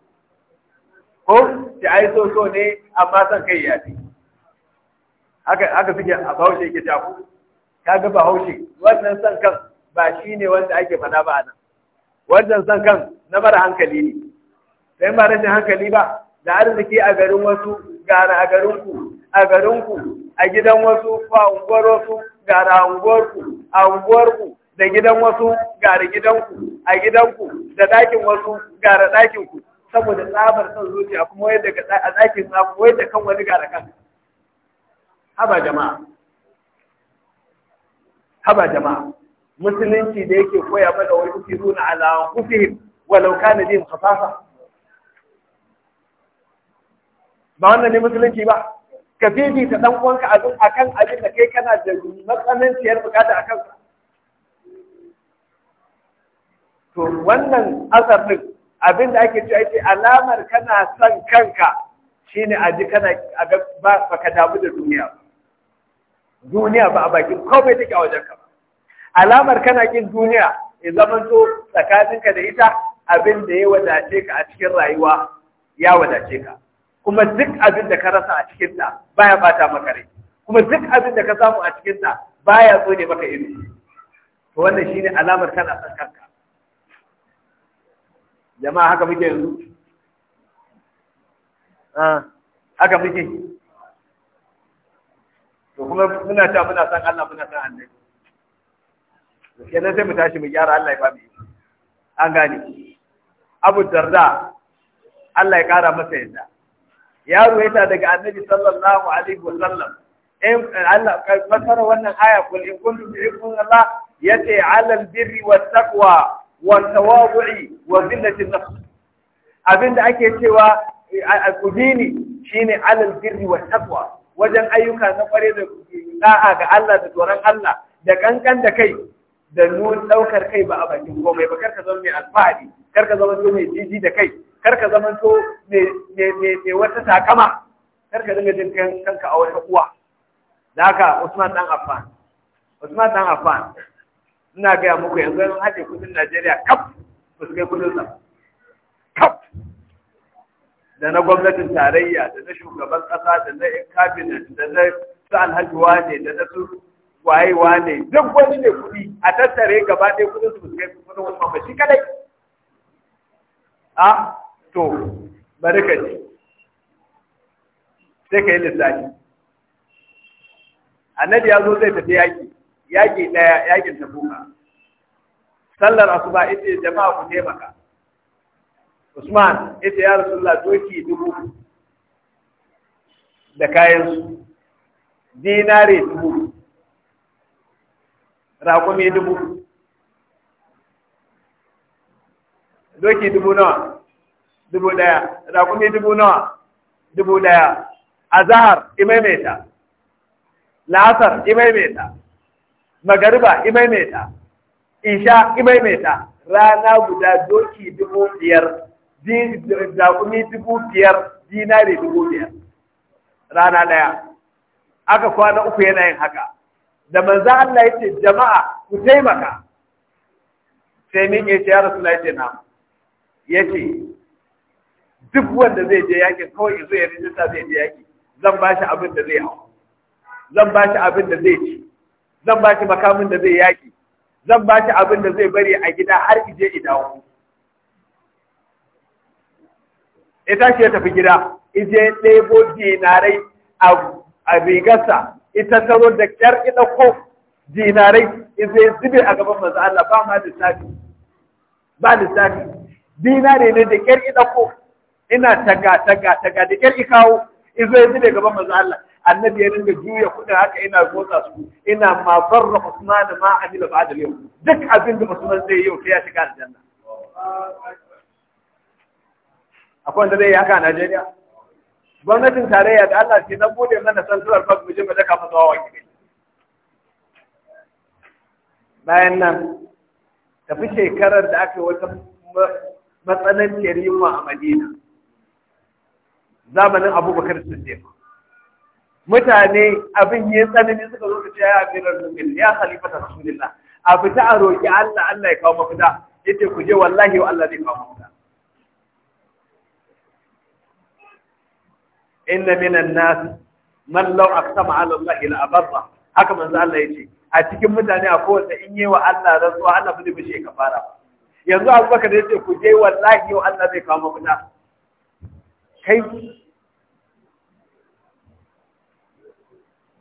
ko ta ai so so ne amma san kai ya ce haka suke a bahaushe ke ta ku ga bahaushe wannan san kan ba shi ne wanda ake fada ba nan wannan san kan na mara hankali ne sai ba rashin hankali ba da arziki a garin wasu gara a garinku a garinku a gidan wasu ba unguwar wasu gara a unguwarku a unguwarku da gidan wasu da gidanku a gidanku da ɗakin wasu gara ɗakinku saboda tsabar son zuciya kuma yadda a ɗakin sa kuma yadda kan wani da kan haba jama'a haba jama'a musulunci da yake koya mana wani nuna alawan kufihim walau kana din kafafa ba wannan ne musulunci ba ka fifi ta ɗan uwanka a kan abin da kai kana da matsananciyar bukata kansu. to wannan asar abin da ake cewa ce alamar kana son kanka shine a ji kana a ba baka damu da duniya duniya ba a bakin komai take a wajenka ba. alamar kana kin duniya ya zamanto tsakaninka da ita abin da ya wadace ka a cikin rayuwa ya wadace ka kuma duk abin da ka rasa a cikin ta baya bata maka rai kuma duk abin da ka samu a cikin ta baya ne maka ido to wannan shine alamar kana son kanka jama'a haka muke yanzu haka muke to kuma muna ta muna san Allah muna san annabi kenan sai mu tashi mu gyara Allah ya ba mu an gane Abu Darda Allah ya kara masa yadda ya ruwaita daga Annabi sallallahu alaihi wasallam in Allah fasara wannan aya kul in kuntum tuhibbuna Allah yace alal birri was taqwa والتواضع وذلة النفس abinda ake cewa al-qudini shine alal birri wa taqwa wajen ayyuka na kware da da'a ga Allah da tsoron Allah da kankan da kai da nun daukar kai ba a bakin komai ba karka zama mai alfahari karka zama to mai da kai karka zama to wata takama karka dinga jin kanka a wata uwa da haka Usman dan dan ina gaya muku yanzu an haɗe kudin Najeriya kaf ba su kai kudin sa kaf da na gwamnatin tarayya da na shugaban ƙasa da na cabinet da na su alhajiwa ne da na su wayewa ne duk wani ne kuɗi a tattare gaba ɗaya kudin su ba su kai kudin wasu ba shi kadai a ah, to bari ka ji sai ka yi lissafi annabi ya zo zai tafi yaƙi yaki daya yakin tabuka sallar asuba ita jama'a ku taimaka Usman ita ya Rasulullah doki dubu da kayan su dinare dubu raƙumi dubu doki dubu nawa dubu ɗaya raƙumi dubu nawa dubu ɗaya azahar imaimaita la'asar imaimaita magariba imaimaita isha imaimaita rana guda doki dubu biyar zakumi dubu biyar dinari dubu biyar rana ɗaya aka kwana uku yanayin haka da manzo Allah yace jama'a ku taimaka sai min yace ya rasu yace na yace duk wanda zai je yakin kawai zai ya rijista zai je yaki zan ba shi abin da zai hau zan ba shi abin da zai ci zan ba shi makamin da zai yaƙi zan ba shi abin da zai bari a gida har ije idawo ya tashi ya tafi gida ije ɗebo dinarai a rigarsa ita taro da ƙyar ina ko dinarai ije zube a gaban manzo Allah ba ma lissafi ba lissafi dinare ne da ƙyar ina ko ina taga taga taga da ƙyar ikawo izo ya zube gaban manzo Allah annabi ya dinga juya kudin haka ina gotsa su ina ma zarra Usman ma amila ba'd al duk abin da Usman zai yi yau sai ya shiga aljanna akwai wanda zai yi haka a Najeriya gwamnatin tarayya da Allah ke nan bude mana central bank mu je mu daka masa wani gidi bayan nan tafi shekarar da aka yi wata matsananciyar yunwa a Madina zamanin abubakar siddiq mutane abin ya tsanani suka zo ce ya amiral mu'min ya khalifata rasulullah a fita a roki Allah Allah ya kawo mafita yace ku je wallahi wa Allah zai kawo mafita inna minan nas man law aqsama ala Allah la abarra haka manzo Allah yace a cikin mutane a kowace in yi wa Allah rantsuwa Allah ba zai bishe kafara yanzu Abubakar yace ku je wallahi wa Allah zai kawo mafita kai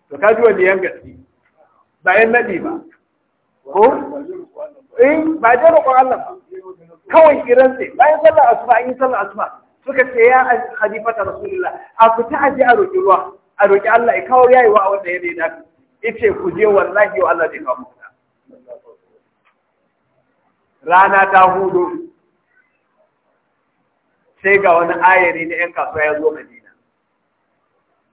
to ka ji waliyan ba bayan nadi ba ko in eh, ba je roƙon Allah ba kawai kiran sai bayan sallar asuba an yi sallar asuba suka ce ya khalifata rasulullah a fita aje a roƙi ruwa a roƙi Allah ya kawo yayi wa wanda ya daina yace ku je wallahi wa Allah zai kawo muku rana ta hudu sai ga wani ayari na 'yan kasuwa ya zo madina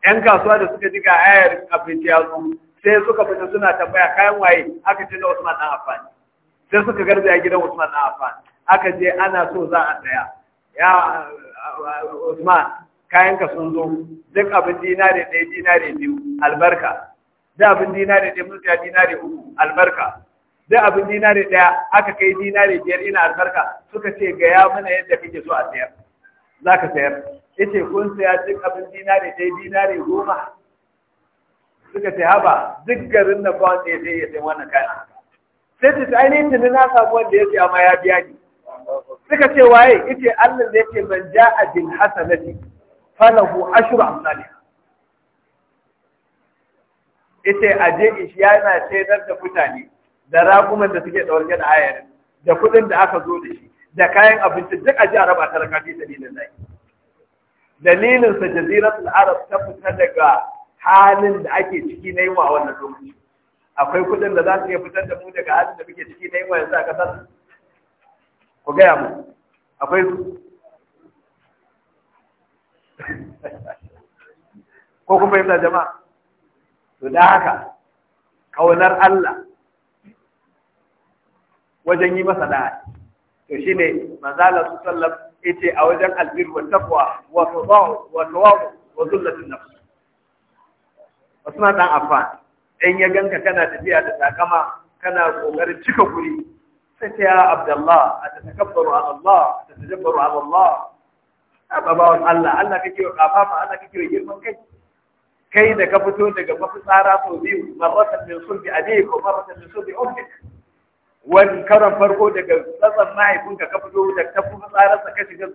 'yan kasuwa da suka ji ga ayarin abinci ya zo sai suka fita suna tambaya kayan waye aka ce na usman dan afani sai suka garzaya gidan usman dan afani aka je ana so za a tsaya, ya usman kayan ka sun zo duk abin dinare ɗaya dinare biyu albarka duk abin dinare ɗaya mun ya dinare uku albarka duk abin dinare ɗaya aka kai dinare biyar ina albarka suka ce ga ya mana yadda kake so a sayar za ka sayar yace kun saya duk abin dinare dai dinare goma suka ce haba duk garin na ba wanda ya sai ya sai wannan kayan haka sai ta ainihin tuni na samu wanda ya ce amma ya biya ni suka ce waye yace Allah zai ce man a bil hasanati falahu ashru amsalih yace aje yana sai da mutane da ragumar da suke ɗauke da ayar da kuɗin da aka zo da shi da kayan abinci duk a ji a raba talaka fi dalilin nai dalilin sa jaziratul arab ta fita daga halin da ake ciki na yi wa wannan lokaci akwai kudin da za su iya fitar da mu daga halin da muke ciki na yi wa yanzu a kasar ku gaya mu akwai su ko kuma yi jama'a to da haka kaunar Allah wajen yi masa da'a to shi ne manzo Allah sallallahu yace a wajen albir wa taqwa wa tadau wa tawadu wa zullatin nafs Usman na Affan in ya ganka kana tafiya da takama kana kokarin cika guri sai ta ya Abdullah atatakabaru ala Allah tatajabbaru ala Allah ababawan Allah Allah kake wa kafafa Allah kake wa girman kai kai da ka fito daga mafi tsara sau biyu marratan min sulbi abik wa marratan min sulbi ummik wani karon farko daga tsatsan mahaifinka ka fito da ta fi tsararsa ka shiga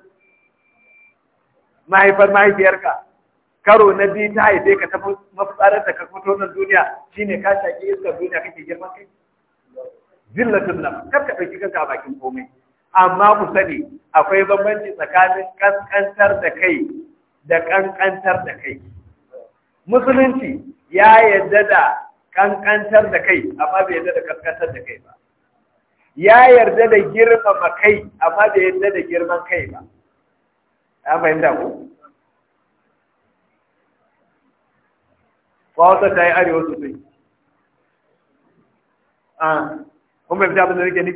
mahaifar mahaifiyarka karo na biyu ta haife ka ta mafitsararsa ka fito na duniya shine ka shaƙi iskar duniya kake girman kai zillatun nan kar ka ɗauki kanka a bakin komai amma ku sani akwai bambanci tsakanin kaskantar da kai da ƙanƙantar da kai musulunci ya yadda da ƙanƙantar da kai amma bai yadda da ƙanƙantar da kai ba ya yarda da girmama kai amma bai yarda da girman kai ba Ya fahimta ku wata ta yi arewa sosai a ah, kuma bai abin da nake ne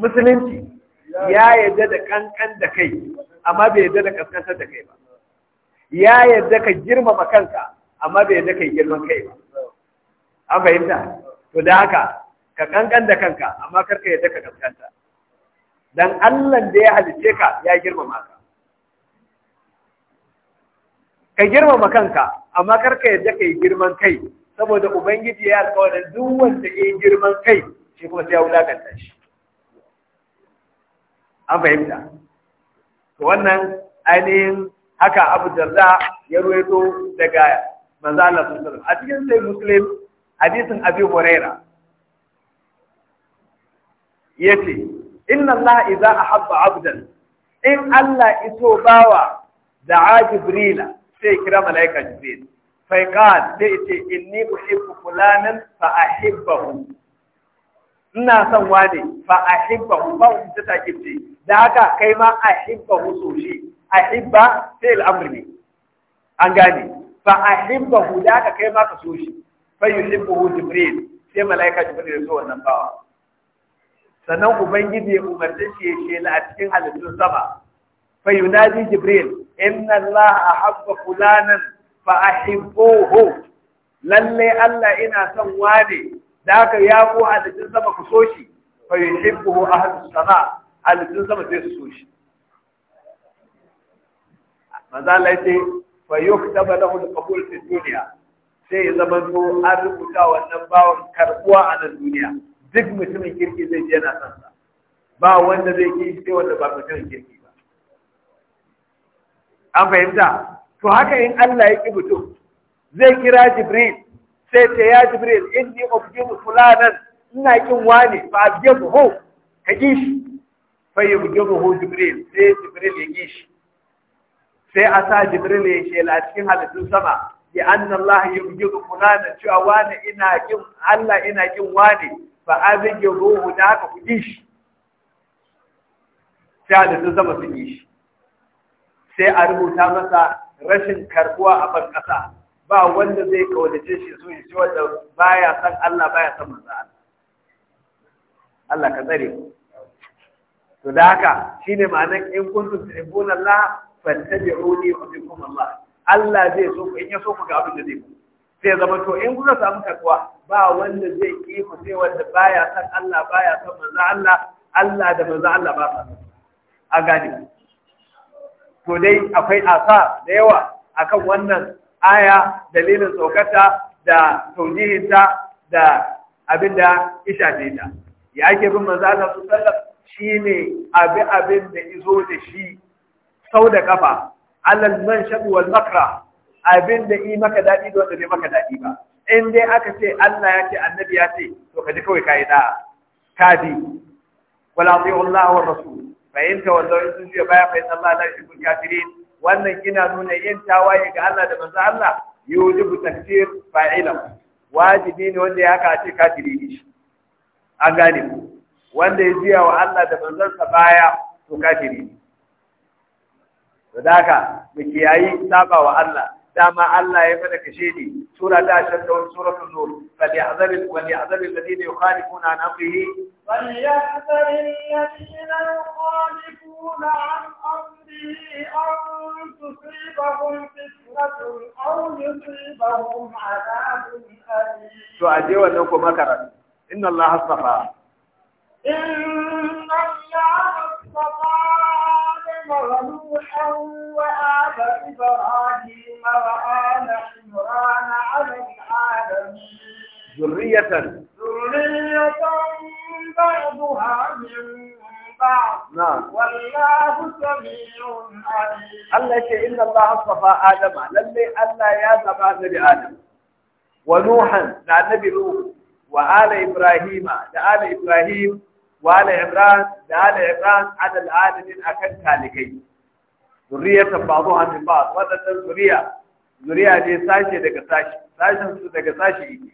musulunci ya yarda da kankan da kai amma bai yarda da kaskantar da kai ba ya yarda ka girmama kanka amma bai yarda ka yi girman kai ba an fahimta to da haka ka kankan da kanka amma karka yadda ka kaskanta dan Allah da ya halice ka ya girmama ka ka girmama kanka amma karka yadda ka yi girman kai saboda ubangiji ya da duk wanda ya yi girman kai shi kuma sai ya wulakanta shi an fahimta to wannan ainihin haka abu darda ya ruwaito daga manzo Allah sallallahu alaihi wasallam a cikin sai muslim hadisin abi huraira yace inna Allah idza ahabba abdan in Allah iso bawa da'a jibrila sai kira malaika jibril sai qal da yace inni uhibbu fulanan fa ahibbahu ina son wane fa ahibbahu ba wanda ta kice da haka kai ma ahibbahu so shi ahibba sai al'amr ne an gane fa ahibbahu da haka kai ma ka so shi fa yuhibbuhu jibril sai malaika jibril so wannan bawa sannan ubangiji ya umarci shi ya shela a cikin halittun sama fa yunadi jibril inna a ahabba fulanan fa ahibbuhu lalle allah ina son wane da aka ya ko halittun sama ku so shi fa a halittun sama halittun sama sai su so shi manzo Allah yace fa yuktaba lahu al-qabul fi sai ya zama to an rubuta wannan bawon karbuwa a nan duniya duk mutumin kirki zai je yana son sa ba wanda zai ki sai wanda ba mutumin kirki ba an fahimta to haka in Allah ya ki mutum zai kira Jibril sai ta ya Jibril inni ubjibu fulanan ina kin wani fa abjibu hu ka shi fa yubjibu Jibril sai Jibril ya shi sai a sa Jibril ya la cikin halittun sama ya anna Allah yubjibu fulanan cewa wani ina kin Allah ina kin wani fa azige ruhu da haka ku ji shi sai da sun zama sun yi shi sai a rubuta masa rashin karbuwa a ban kasa ba wanda zai kaunace shi zuwa shi wanda ya san Allah ba ya san manzo Allah Allah ka tsare ku to da haka shine ma'anar in kuntum tuhibbuna Allah fattabi'uni yuhibbukum Allah Allah zai so ku in ya so ku ga abin da zai ku sai zama to in kuka samu takwa ba wanda zai yi ku sai wanda baya san Allah baya san manzo Allah Allah da manzo Allah ba san a to dai akwai asa da yawa akan wannan aya dalilin tsokata da tawjihinta da abinda isha ta ya ake bin manzo Allah su sallar shine abi abin da izo da shi sau da kafa alal shabu wal makra abin da yi maka daɗi da wanda bai maka daɗi ba in dai aka ce Allah ya ce annabi ya ce to ka ji kawai ka yi da'a ka bi wala ati'u Allah wa rasu, fahimta in wani sun ya baya fahimta Allah na yuhibbul kafirin wannan kina nuna yin tawaye ga Allah da manzo Allah yujibu takfir fa'ilahu wajibi ne wanda ya haka ce kafiri ne shi an gane ku wanda ya juya wa Allah da manzansa baya to kafiri ne da haka mu kiyayi saba wa Allah داما الله يمنك شيدي سورة داشر دول سورة النور فليعذر وليعذر الذين يخالفون عن أمره وليعذر الذين يخالفون عن أمره أن تصيبهم فتنة أو يصيبهم عذاب أليم سؤالي وأنكم مكرا إن الله اصطفى إن الله اصطفى نوحا وآخر آل إبراهيم وآل عمران على العالمين ذرية ذرية بعضها من نعم والله سميع عليم الله إن الله اصطفى آدم للي ألا يا زبا نبي آدم ونوحا لا نبي نوح وآل إبراهيم لآل إبراهيم وآل عمران لآل عمران على العالمين أكن كالكين zuriyatan ba'dhuha min ba'd wadannan zuriya zuriya ne sashe daga sashe sashen su daga sashe yake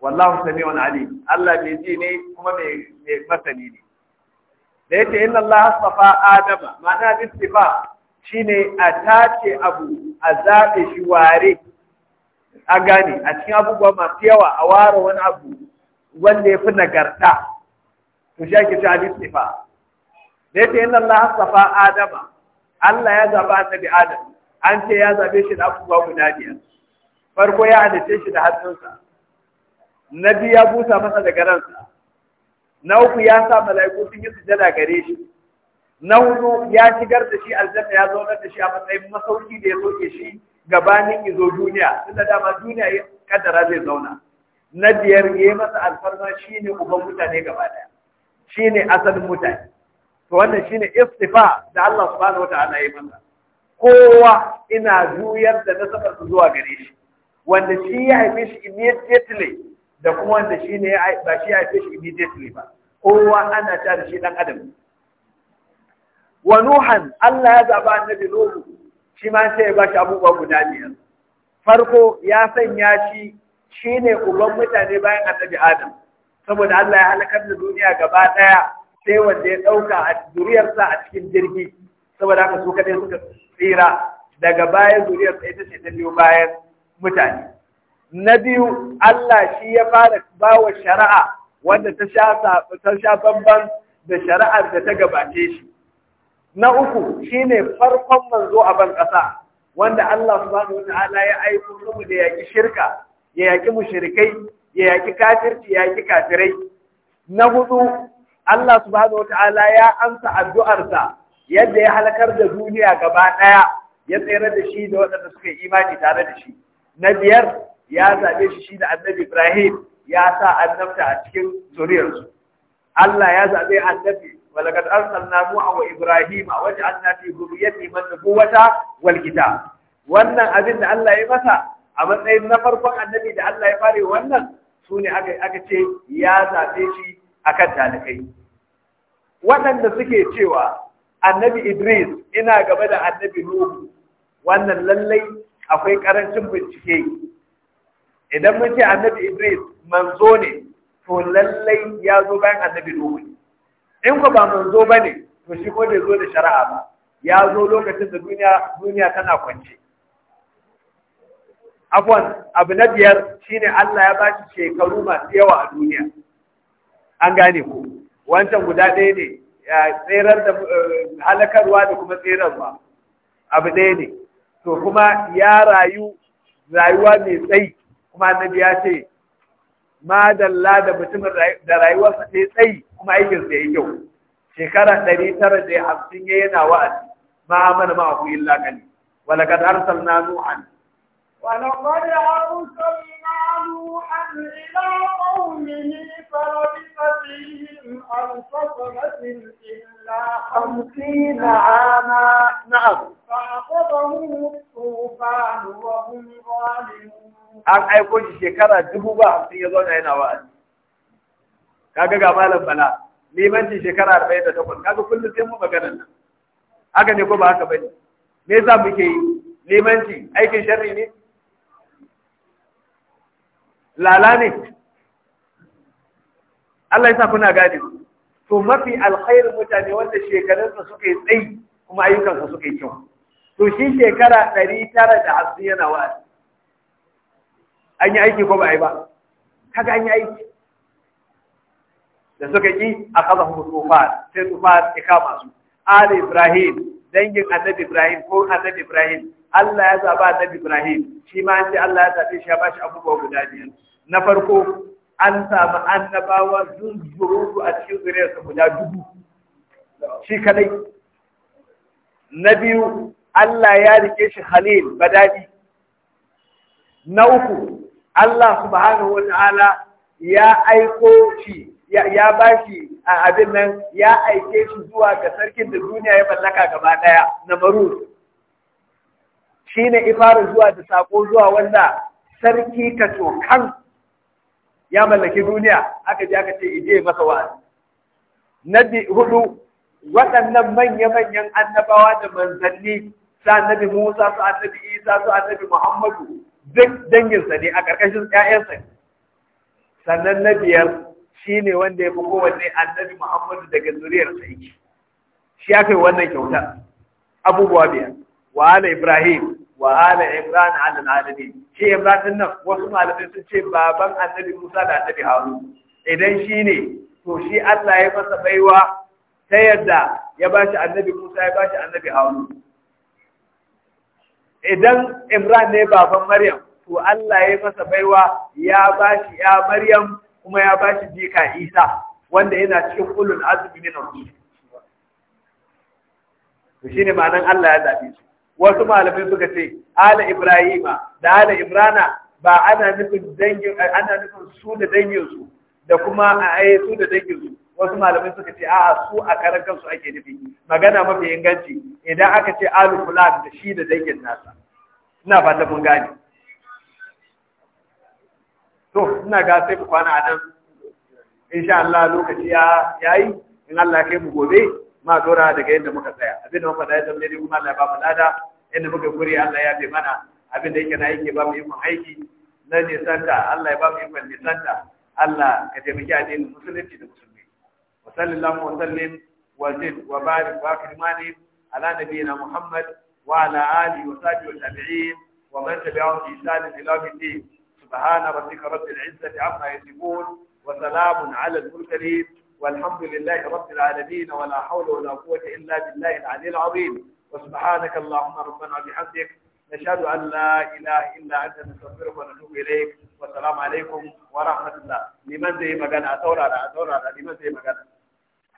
wallahu wani Ali, Allah mai ji ne kuma mai masani ne da yake inna Allah asafa adama ma'ana istifa shine a tace abu a zabe shi ware a gane a cikin abubuwa masu yawa a ware wani abu wanda ya fi nagarta to shi ake cewa istifa da yake inna Allah safa adama Allah ya zaba annabi adam an ce ya zabe shi da abubuwa guda biyar farko ya adace shi da hannunsa sa ya busa masa daga ransa na uku ya sa mala'iku sun yi sujada gare shi na hudu ya shigar da shi aljanna ya zauna da shi a matsayin masauki da ya soke shi gabanin izo duniya tunda dama duniya ya kaddara zai zauna na biyar ya yi masa alfarma shi ne uban mutane gaba daya ne asalin mutane to wannan shine istifa da Allah subhanahu wataala ya yi masa kowa ina juyar da nasabar zuwa gare shi wanda shi ya haife shi immediately da kuma wanda shi ne ba shi ya haife shi immediately ba kowa ana ta da shi dan adam wa nuhan Allah ya zaba annabi nuhu shi ma sai ya bashi abubuwa guda biyar farko ya sanya shi shine uban mutane bayan annabi adam saboda Allah ya halakar da duniya gaba daya sai wanda ya ɗauka a zuriyarsa a cikin jirgi saboda haka su kaɗai suka tsira daga bayan zuriyarsa ita ce ta biyu bayan mutane na biyu Allah shi ya fara bawa shari'a wanda ta sha bamban da shari'ar da ta gabace shi na uku shine farkon manzo a ban ƙasa wanda Allah subhanahu wata'ala ya aiko mu da yaki shirka ya yaki mushrikai ya yaki kafirci ya yaki kafirai na hudu Allah subhanahu wataala ya amsa addu'arsa yadda ya halakar da duniya gaba ɗaya ya tsere da shi da waɗanda suka yi imani tare da shi na biyar ya zaɓe shi shi da annabi Ibrahim ya sa annabta a cikin zuriyarsu Allah ya zaɓe annabi ولقد أرسلنا نوح وإبراهيم وجعلنا في ذريتهما النبوة والكتاب wannan abin da Allah ya masa a matsayin na farkon annabi da Allah ya fare wannan su ne aka ce ya zaɓe shi akan talibai waɗanda suke cewa annabi Idris ina gaba da annabi Nuhu wannan lallai akwai ƙarancin bincike idan mun ce annabi Idris manzo ne to lallai ya zo bayan annabi Nuhu in ko ba manzo bane to shi ko da zo da shari'a ba ya zo lokacin da duniya duniya tana kwance afwan abu na biyar shine Allah ya bashi shekaru masu yawa a duniya an gane ku wancan guda ɗaya ne tserar da eh, halakarwa da kuma tserarwa abu ɗaya ne to kuma ya rayu rayuwa mai tsayi kuma annabi ya ce ma da mutumin da rayuwarsa ta tsayi kuma da ya yi kyau shekara ɗari tara da hamsin ya yana wa'azi ma amana ma aku illa kali walaƙad arsalna nuhan walaƙad arsalna an aiko shi shekara dubu ba hamsin ya zauna yana wa'azi kaga ga malam bala limanci shekara arba'in da takwas kaga kullum sai mu maganar nan haka ne ko ba haka bane me yasa muke yi limanci aikin sharri ne lala ne Allah yasa kuna gane to mafi alkhair mutane wanda su suka yi tsayi kuma ayyukansa suka yi kyau to shi shekara ɗari tara da hamsin yana wa an yi aiki ko ba a ba kaga an yi aiki da suka ƙi a kaza hukumar sai tufa ya su ali ibrahim dangin annabi Ibrahim ko annabi Ibrahim Allah ya zaba annabi Ibrahim shi ma an Allah ya zabe shi ya bashi abubuwa guda biyar na farko an samu annabawa zunzuru a cikin zuriyarsa guda dubu shi kadai na biyu Allah ya rike shi Halil badadi na uku Allah subhanahu wa ta'ala ya aiko shi ya ba shi a abin nan ya aike shi zuwa ga sarkin da duniya ya mallaka gaba ɗaya na maruru. shi ne ifarin zuwa da sako zuwa wanda sarki ka ya mallaki duniya aka ji aka ce ije masa wa'azi na hudu waɗannan manya-manyan annabawa da manzanni su annabi Musa su annabi Isa su annabi Muhammadu duk danginsa ne a ƙarƙashin 'ya'yansa sannan na biyar shi ne wanda ya fi kowanne annabi Muhammadu daga zuriyar sa yake shi ya kai wannan kyautar abubuwa biyar wa ala Ibrahim wa ala Imran ala alamin shi Imran din nan wasu malamai sun ce baban annabi Musa da annabi Harun idan shi ne to shi Allah ya masa baiwa ta yadda ya bashi annabi Musa ya bashi annabi Harun idan Imran ne baban Maryam to Allah ya masa baiwa ya bashi ya Maryam kuma ya bashi jika Isa wanda yana cikin ulul azumi ne na rusul to shine ma'anan Allah ya zabe su wasu malamai suka ce ala ibrahima da ala imrana ba ana nufin dangin ana nufin su da dangin su da kuma ai su da dangin su wasu malamai suka ce a'a su a karan kansu ake nufi magana mafi inganci idan aka ce alu fulan da shi da dangin nasa ina fata mun gane to ina ga sai ku kwana a nan insha Allah lokaci ya yayi in Allah kai mu gobe ma dora daga yadda muka tsaya abin da muka tsaya zan dai kuma Allah ya ba mu lada yadda muka gure Allah ya bi mana abin da yake na yake ba mu yi mun aiki na santa Allah ya ba mu yi mun santa Allah ka taimaki addinin musulunci da musulmi wa sallallahu wa sallim wa zid wa barik wa akrimani ala nabiyina Muhammad wa ala alihi wa sahbihi wa tabi'in wa man tabi'ahum bi ihsan ila yawm الدين سبحان ربك رب العزة عما يصفون وسلام على المرسلين والحمد لله رب العالمين ولا حول ولا قوة إلا بالله العلي العظيم وسبحانك اللهم ربنا بحمدك نشهد أن لا إله إلا أنت نستغفرك ونتوب إليك والسلام عليكم ورحمة الله لمن زي ما قال أتورا على لمن زي ما قال